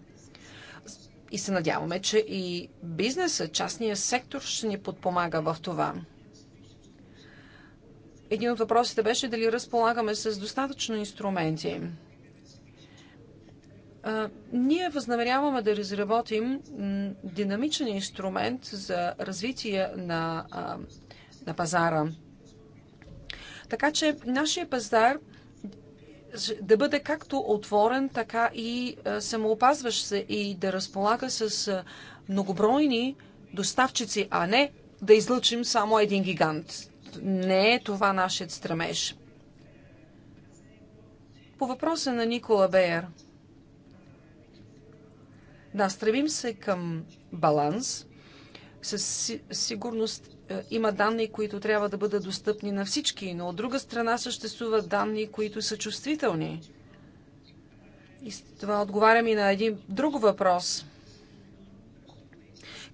И се надяваме, че и бизнеса, частния сектор ще ни подпомага в това. Един от въпросите беше дали разполагаме с достатъчно инструменти. Е, ние възнамеряваме да разработим динамичен инструмент за развитие на, на пазара така че нашия пазар да бъде както отворен, така и самоопазващ се и да разполага с многобройни доставчици, а не да излъчим само един гигант. Не е това нашият стремеж. По въпроса на Никола Бейер. Да, стремим се към баланс. Със сигурност е, има данни, които трябва да бъдат достъпни на всички, но от друга страна съществуват данни, които са чувствителни. И това отговарям и на един друг въпрос.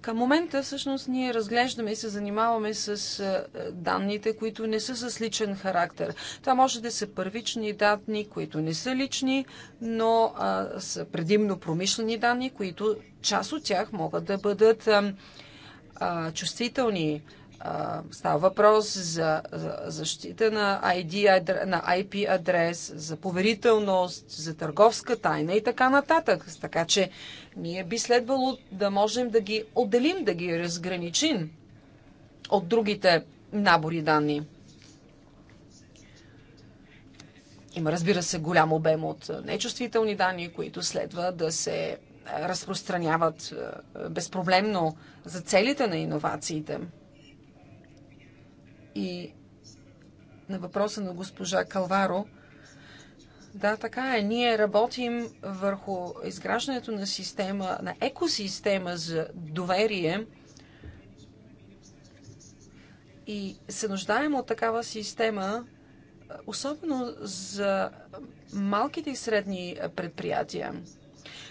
Към момента всъщност ние разглеждаме и се занимаваме с е, данните, които не са с личен характер. Това може да са първични данни, които не са лични, но а, са предимно промишлени данни, които част от тях могат да бъдат а, а, чувствителни Става въпрос за защита на, ID, на IP адрес, за поверителност, за търговска тайна и така нататък. Така че ние би следвало да можем да ги отделим, да ги разграничим от другите набори данни. Има, разбира се, голям обем от нечувствителни данни, които следва да се е, разпространяват е, безпроблемно за целите на иновациите и на въпроса на госпожа Калваро, да, така е. Ние работим върху изграждането на система, на екосистема за доверие и се нуждаем от такава система, особено за малките и средни предприятия,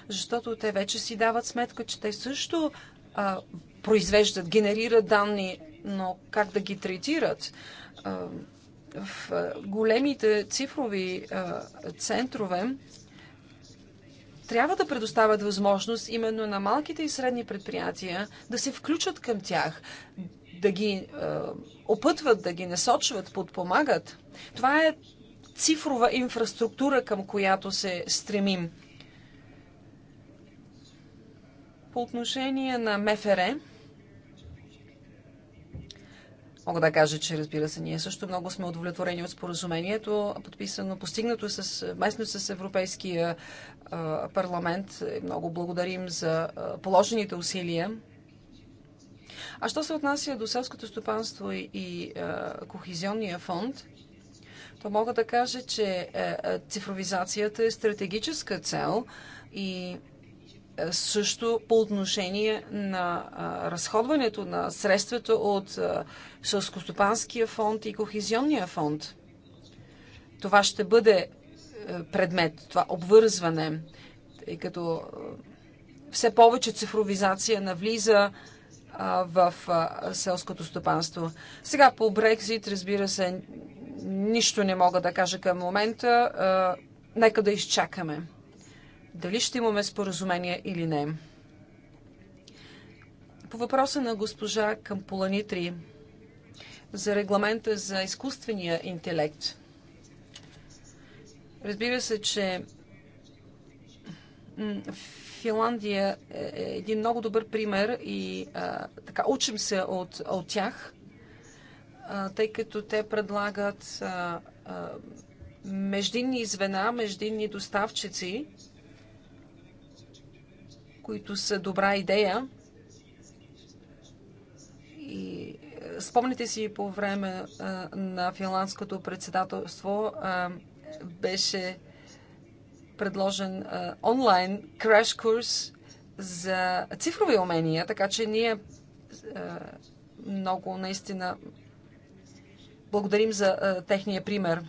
защото те вече си дават сметка, че те също а, произвеждат, генерират данни но как да ги третират? В големите цифрови центрове трябва да предоставят възможност именно на малките и средни предприятия да се включат към тях, да ги опътват, да ги насочват, подпомагат. Това е цифрова инфраструктура, към която се стремим. По отношение на МФР, Мога да кажа, че разбира се, ние също много сме удовлетворени от споразумението, подписано, постигнато е с, местно е с Европейския парламент. Много благодарим за положените усилия. А що се отнася до селското стопанство и, кохезионния фонд, то мога да кажа, че е, цифровизацията е стратегическа цел и също по отношение на а, разходването на средствата от Сълскостопанския фонд и Кохезионния фонд. Това ще бъде а, е, предмет, това обвързване, тъй като а, все повече цифровизация навлиза в селското стопанство. Сега по Брекзит, разбира се, нищо не мога да кажа към момента. Нека да изчакаме дали ще имаме споразумение или не. По въпроса на госпожа Камполанитри за регламента за изкуствения интелект. Разбира се, че Финландия е, е един много добър пример и а, така учим се от, от тях, а, тъй като те предлагат а, а, междинни звена, междинни доставчици, които са добра идея. И е, спомните си по време е, на финландското председателство е, беше предложен онлайн краш курс за цифрови умения, така че ние много наистина благодарим за техния пример.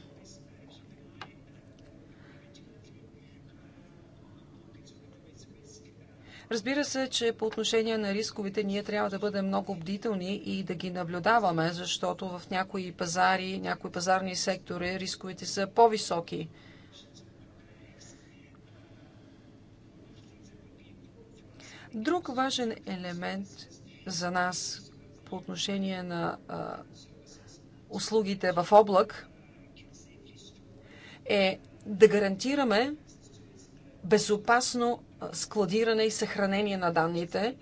Разбира се, че по отношение на рисковите ние трябва да бъдем много бдителни и да ги наблюдаваме, защото в някои пазари, някои пазарни сектори рисковете са по-високи. Друг важен елемент за нас по отношение на а, услугите в облак е да гарантираме безопасно складиране и съхранение на данните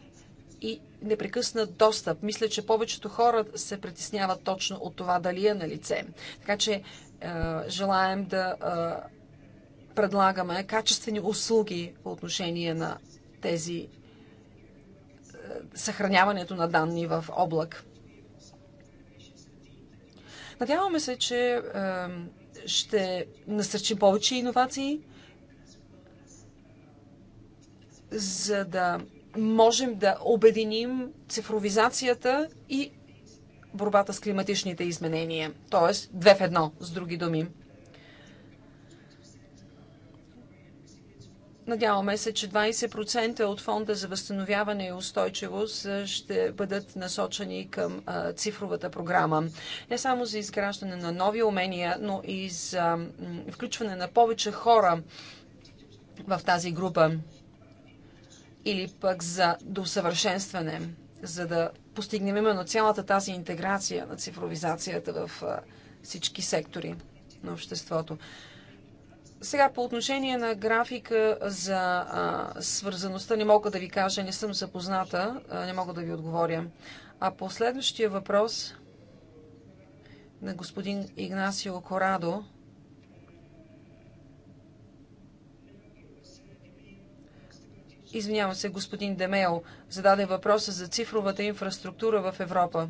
и непрекъснат достъп. Мисля, че повечето хора се притесняват точно от това дали е на лице. Така че е, желаем да е, предлагаме качествени услуги по отношение на тези е, съхраняването на данни в облак. Надяваме се, че е, ще насърчим повече иновации за да можем да обединим цифровизацията и борбата с климатичните изменения. Тоест, две в едно, с други думи. Надяваме се, че 20% от фонда за възстановяване и устойчивост ще бъдат насочени към цифровата програма. Не само за изграждане на нови умения, но и за включване на повече хора в тази група или пък за досъвършенстване, за да постигнем именно цялата тази интеграция на цифровизацията в всички сектори на обществото. Сега по отношение на графика за а, свързаността не мога да ви кажа, не съм запозната, а, не мога да ви отговоря. А последващия въпрос на господин Игнасио Корадо Извинявам се, господин Демел зададе въпроса за цифровата инфраструктура в Европа.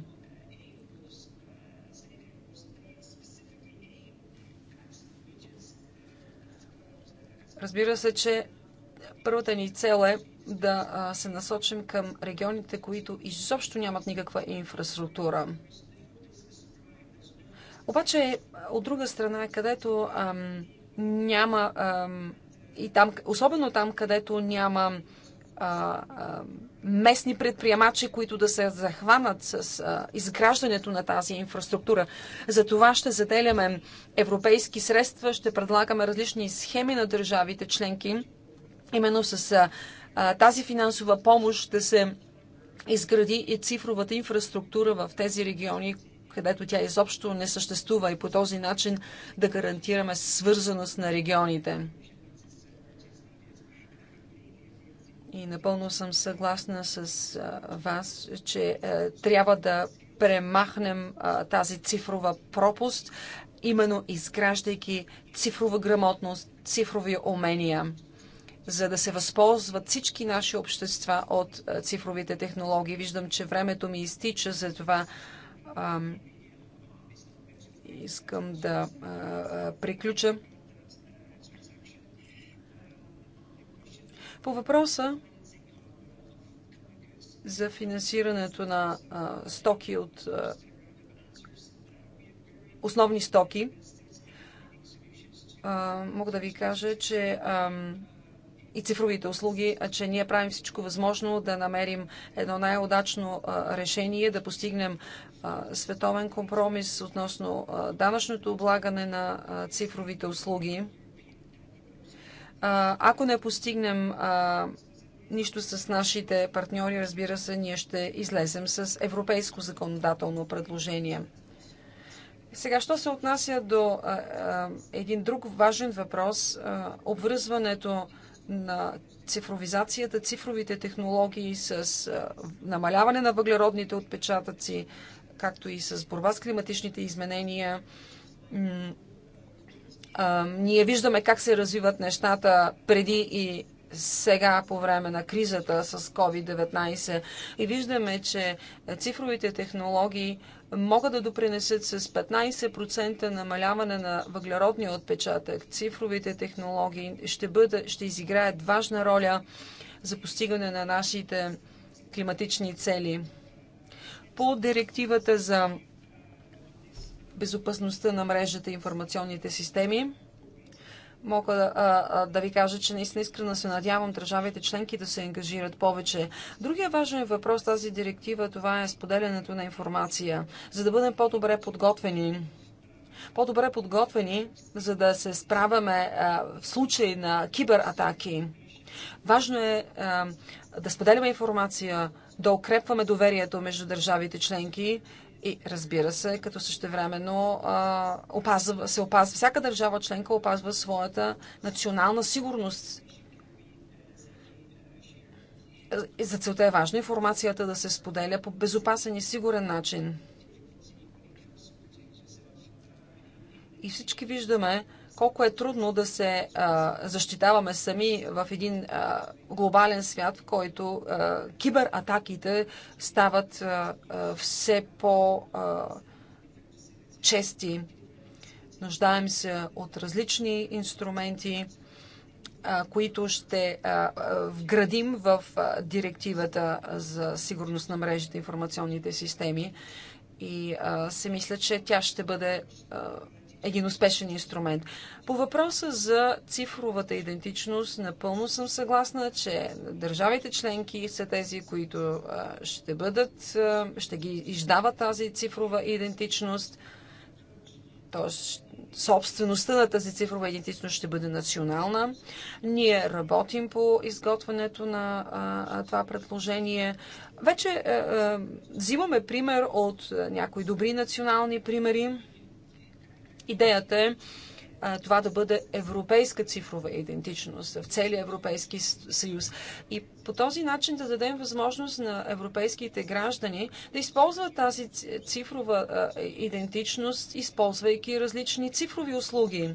Разбира се, че първата ни цел е да се насочим към регионите, които изобщо нямат никаква инфраструктура. Обаче, от друга страна, където ам, няма ам, и там, особено там, където няма а, а, местни предприемачи, които да се захванат с а, изграждането на тази инфраструктура. За това ще заделяме европейски средства, ще предлагаме различни схеми на държавите членки. Именно с а, а, тази финансова помощ ще се изгради и цифровата инфраструктура в тези региони, където тя изобщо не съществува и по този начин да гарантираме свързаност на регионите. И напълно съм съгласна с вас, че трябва да премахнем тази цифрова пропуст, именно изграждайки цифрова грамотност, цифрови умения за да се възползват всички наши общества от цифровите технологии. Виждам, че времето ми изтича, затова искам да а, а, приключа. По въпроса за финансирането на стоки от основни стоки, мога да ви кажа, че и цифровите услуги, че ние правим всичко възможно да намерим едно най-удачно решение, да постигнем световен компромис относно данъчното облагане на цифровите услуги. Ако не постигнем нищо с нашите партньори, разбира се, ние ще излезем с европейско законодателно предложение. Сега, що се отнася до а, а, един друг важен въпрос, а, обвързването на цифровизацията, цифровите технологии с намаляване на въглеродните отпечатъци, както и с борба с климатичните изменения. Ние виждаме как се развиват нещата преди и сега по време на кризата с COVID-19 и виждаме, че цифровите технологии могат да допринесат с 15% намаляване на въглеродния отпечатък. Цифровите технологии ще, бъдат, ще изиграят важна роля за постигане на нашите климатични цели. По директивата за безопасността на мрежата и информационните системи, мога а, а, да ви кажа, че наистина искрено се надявам държавите членки да се ангажират повече. Другия важен въпрос тази директива, това е споделянето на информация, за да бъдем по-добре подготвени. По-добре подготвени, за да се справяме а, в случай на кибератаки. Важно е да споделяме информация, да укрепваме доверието между държавите членки и разбира се, като същевременно опазва, се опазва, всяка държава членка опазва своята национална сигурност. И за целта е важна информацията да се споделя по безопасен и сигурен начин. И всички виждаме колко е трудно да се а, защитаваме сами в един а, глобален свят, в който а, кибератаките стават а, а, все по-чести. Нуждаем се от различни инструменти, а, които ще а, а, вградим в а, директивата за сигурност на мрежите и информационните системи. И а, се мисля, че тя ще бъде. А, един успешен инструмент. По въпроса за цифровата идентичност, напълно съм съгласна, че държавите членки са тези, които ще бъдат, ще ги издават тази цифрова идентичност. Тоест, собствеността на тази цифрова идентичност ще бъде национална. Ние работим по изготвянето на а, това предложение. Вече а, а, взимаме пример от някои добри национални примери Идеята е а, това да бъде европейска цифрова идентичност в целия Европейски съюз. И по този начин да дадем възможност на европейските граждани да използват тази цифрова а, идентичност, използвайки различни цифрови услуги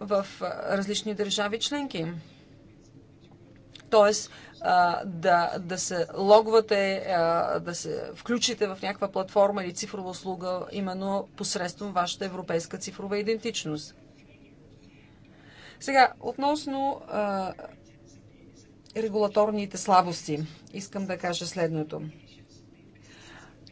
в различни държави членки. Тоест, а, да, да се логвате, а, да се включите в някаква платформа или цифрова услуга, именно посредством вашата европейска цифрова идентичност. Сега, относно а, регулаторните слабости, искам да кажа следното.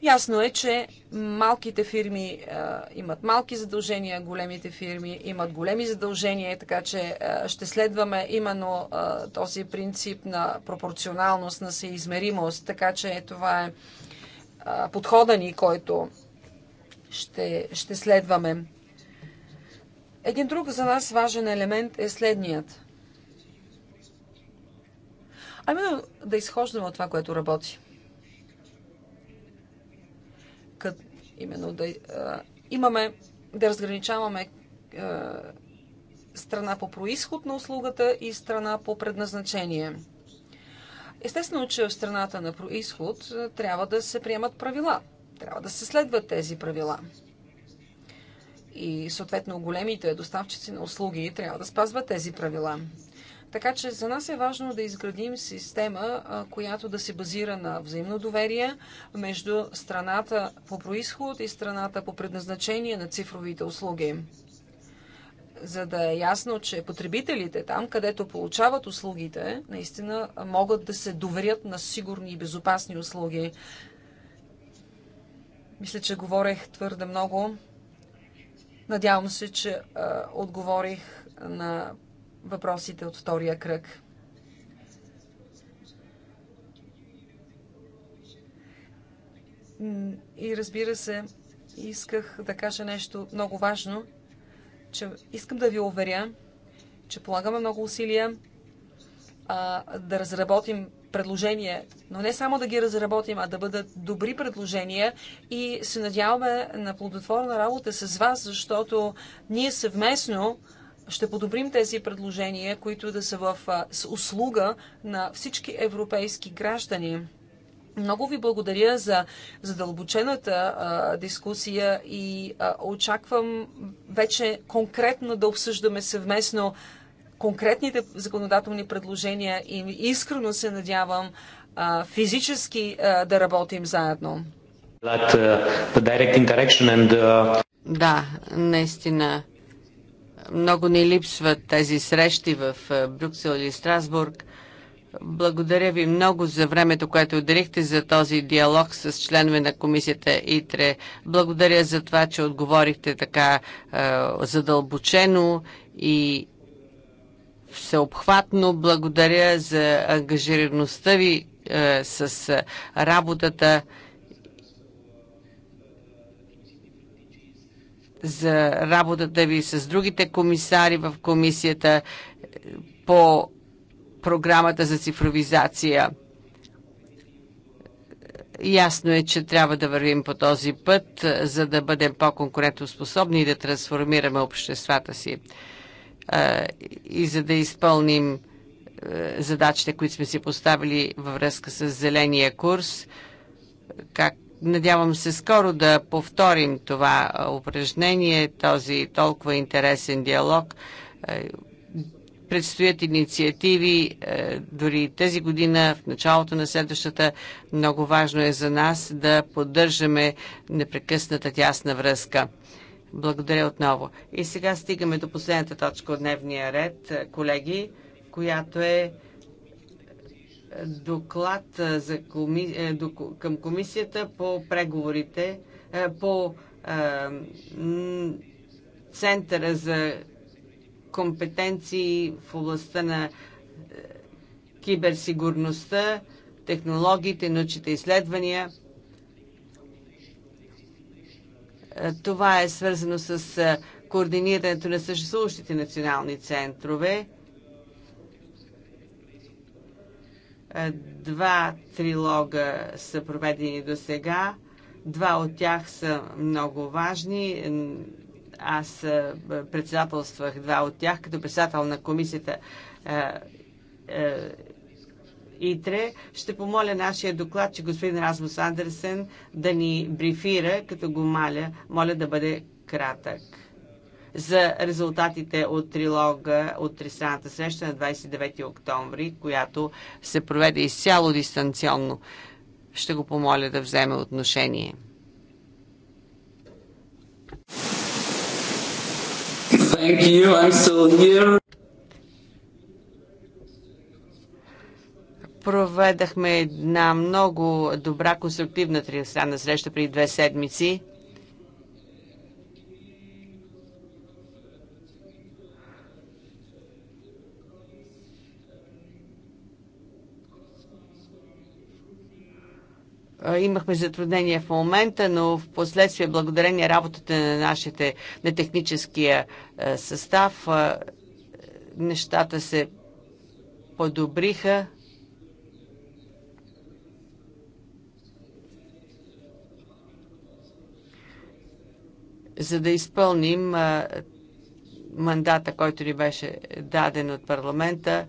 Ясно е, че малките фирми а, е, имат малки задължения, големите фирми имат големи задължения, така че а, е, ще следваме именно а, е, този принцип на пропорционалност, на съизмеримост, така че това е а, подхода ни, който ще, ще следваме. Един друг за нас важен елемент е следният. А да изхождаме от това, което работи. именно да имаме, да разграничаваме страна по происход на услугата и страна по предназначение. Естествено, че в страната на происход трябва да се приемат правила. Трябва да се следват тези правила. И съответно големите доставчици на услуги трябва да спазват тези правила. Така че за нас е важно да изградим система, която да се базира на взаимно доверие между страната по происход и страната по предназначение на цифровите услуги. За да е ясно, че потребителите там, където получават услугите, наистина могат да се доверят на сигурни и безопасни услуги. Мисля, че говорех твърде много. Надявам се, че а, отговорих на въпросите от втория кръг. И разбира се, исках да кажа нещо много важно, че искам да ви уверя, че полагаме много усилия а, да разработим предложения, но не само да ги разработим, а да бъдат добри предложения и се надяваме на плодотворна работа с вас, защото ние съвместно ще подобрим тези предложения, които да са в услуга на всички европейски граждани. Много ви благодаря за задълбочената дискусия и а, очаквам вече конкретно да обсъждаме съвместно конкретните законодателни предложения и искрено се надявам а, физически а, да работим заедно. That, uh, the direct interaction and, uh... Да, наистина много ни липсват тези срещи в е, Брюксел или Страсбург. Благодаря ви много за времето, което отделихте за този диалог с членове на комисията ИТРЕ. Благодаря за това, че отговорихте така е, задълбочено и всеобхватно. Благодаря за ангажираността ви е, с работата. за работата ви с другите комисари в комисията е, по програмата за цифровизация. Ясно е, че трябва да вървим по този път, е, за да бъдем по-конкурентоспособни и да трансформираме обществата си е, и за да изпълним задачите, които сме си поставили във връзка с зеления курс, как Надявам се скоро да повторим това упражнение, този толкова интересен диалог. Е, предстоят инициативи е, дори тази година, в началото на следващата. Много важно е за нас да поддържаме непрекъсната тясна връзка. Благодаря отново. И сега стигаме до последната точка от дневния ред, е, колеги, която е доклад за коми... Е, към комисията по преговорите е, по е, Центъра за компетенции в областта на киберсигурността, технологиите, научните изследвания. Това е свързано с координирането на съществуващите национални центрове Е, два трилога са проведени до сега. Два от тях са много важни. Аз е, председателствах два от тях като председател на комисията е, ИТРЕ. Ще помоля нашия доклад, че господин Размус Андерсен да ни брифира, като го маля, моля да бъде кратък за резултатите от трилога от тристранната среща на 29 октомври, която се проведе изцяло дистанционно. Ще го помоля да вземе отношение. Thank you. I'm still here. проведахме една много добра конструктивна тристранна среща преди две седмици. Имахме затруднения в момента, но в последствие, благодарение работата на нашите, на техническия състав, нещата се подобриха. за да изпълним мандата, който ни беше даден от парламента.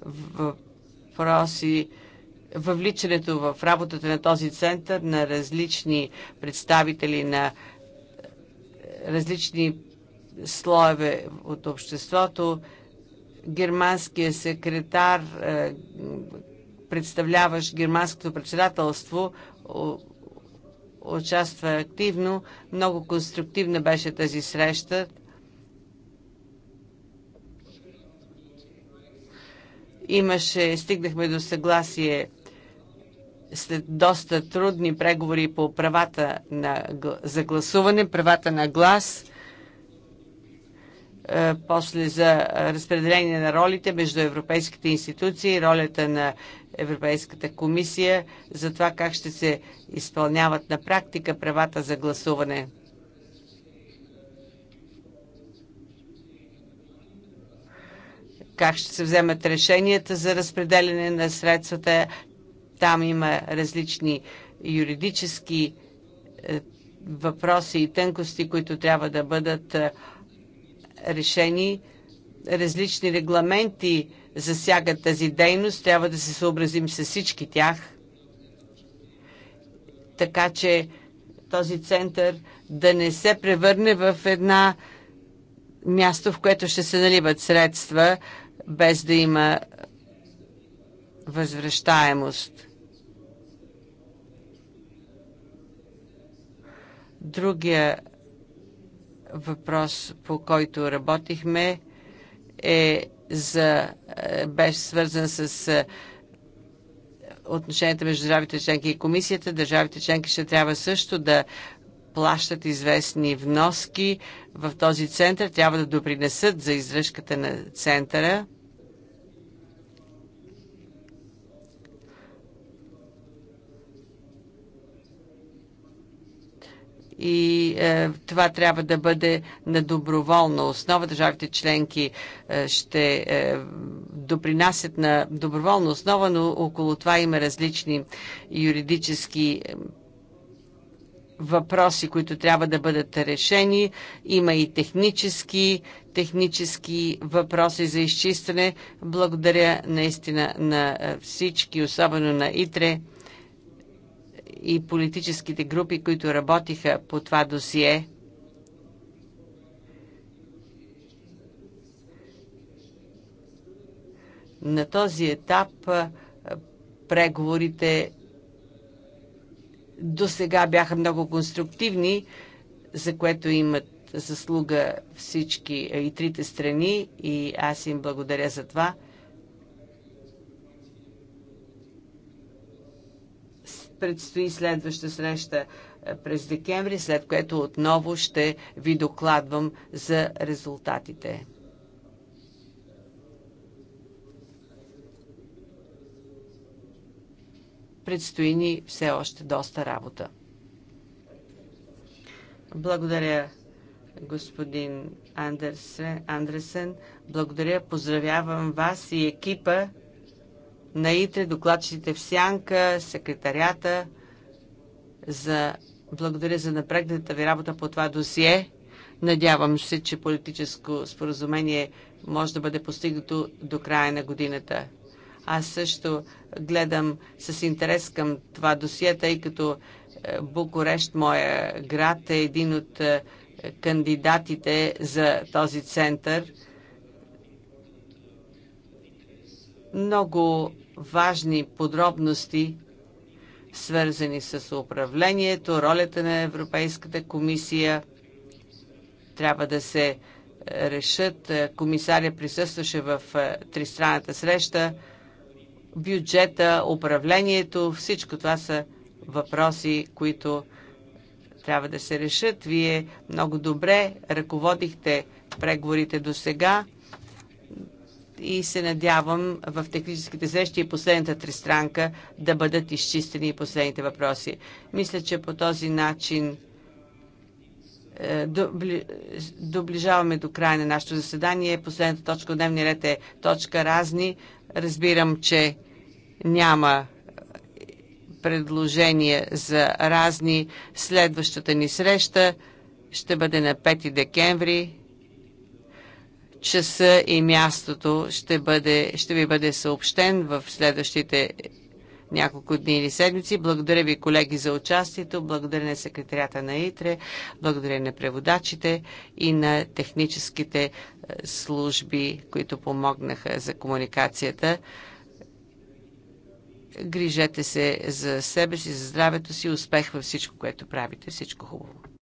Въпроси въвличането в работата на този център на различни представители на е, различни слоеве от обществото. Германският секретар, е, представляващ германското председателство, участва активно. Много конструктивна беше тази среща. Имаше, стигнахме до съгласие след доста трудни преговори по правата на, за гласуване, правата на глас, е, после за разпределение на ролите между европейските институции, ролята на Европейската комисия за това как ще се изпълняват на практика правата за гласуване. как ще се вземат решенията за разпределяне на средствата, там има различни юридически е, въпроси и тънкости, които трябва да бъдат е, решени. Различни регламенти засягат тази дейност. Трябва да се съобразим с всички тях. Така че този център да не се превърне в една място, в което ще се наливат средства, без да има възвръщаемост. Другия въпрос, по който работихме, е за, е, беше свързан с е, отношенията между държавите членки и комисията. Държавите членки ще трябва също да плащат известни вноски в този център, трябва да допринесат за издръжката на центъра. и е, това трябва да бъде на доброволна основа. Държавите членки е, ще е, допринасят на доброволна основа, но около това има различни юридически е, въпроси, които трябва да бъдат решени. Има и технически, технически въпроси за изчистване. Благодаря наистина на е, всички, особено на ИТРЕ и политическите групи, които работиха по това досие. На този етап преговорите до сега бяха много конструктивни, за което имат заслуга всички и трите страни и аз им благодаря за това. Предстои следваща среща е, през декември, след което отново ще ви докладвам за резултатите. Предстои ни все още доста работа. Благодаря, господин Андерсен. Благодаря, поздравявам вас и екипа наитре, докладчите в сянка, секретарята. За... Благодаря за напрегната ви работа по това досие. Надявам се, че политическо споразумение може да бъде постигнато до края на годината. Аз също гледам с интерес към това досие, тъй като е, Букурещ, моя град, е един от е, кандидатите за този център. Много важни подробности, свързани с управлението, ролята на Европейската комисия. Трябва да се е, решат. Е, комисаря присъстваше в е, тристранната среща. Бюджета, управлението, всичко това са въпроси, които трябва да се решат. Вие много добре ръководихте преговорите до сега и се надявам в техническите срещи и последната тристранка да бъдат изчистени и последните въпроси. Мисля, че по този начин е, доближаваме до края на нашето заседание. Последната точка от дневния ред е точка разни. Разбирам, че няма предложение за разни. Следващата ни среща ще бъде на 5 декември часа и мястото ще, бъде, ще ви бъде съобщен в следващите няколко дни или седмици. Благодаря ви, колеги, за участието. Благодаря на секретарята на ИТРЕ, благодаря на преводачите и на техническите е, служби, които помогнаха за комуникацията. Грижете се за себе си, за здравето си, успех във всичко, което правите. Всичко хубаво!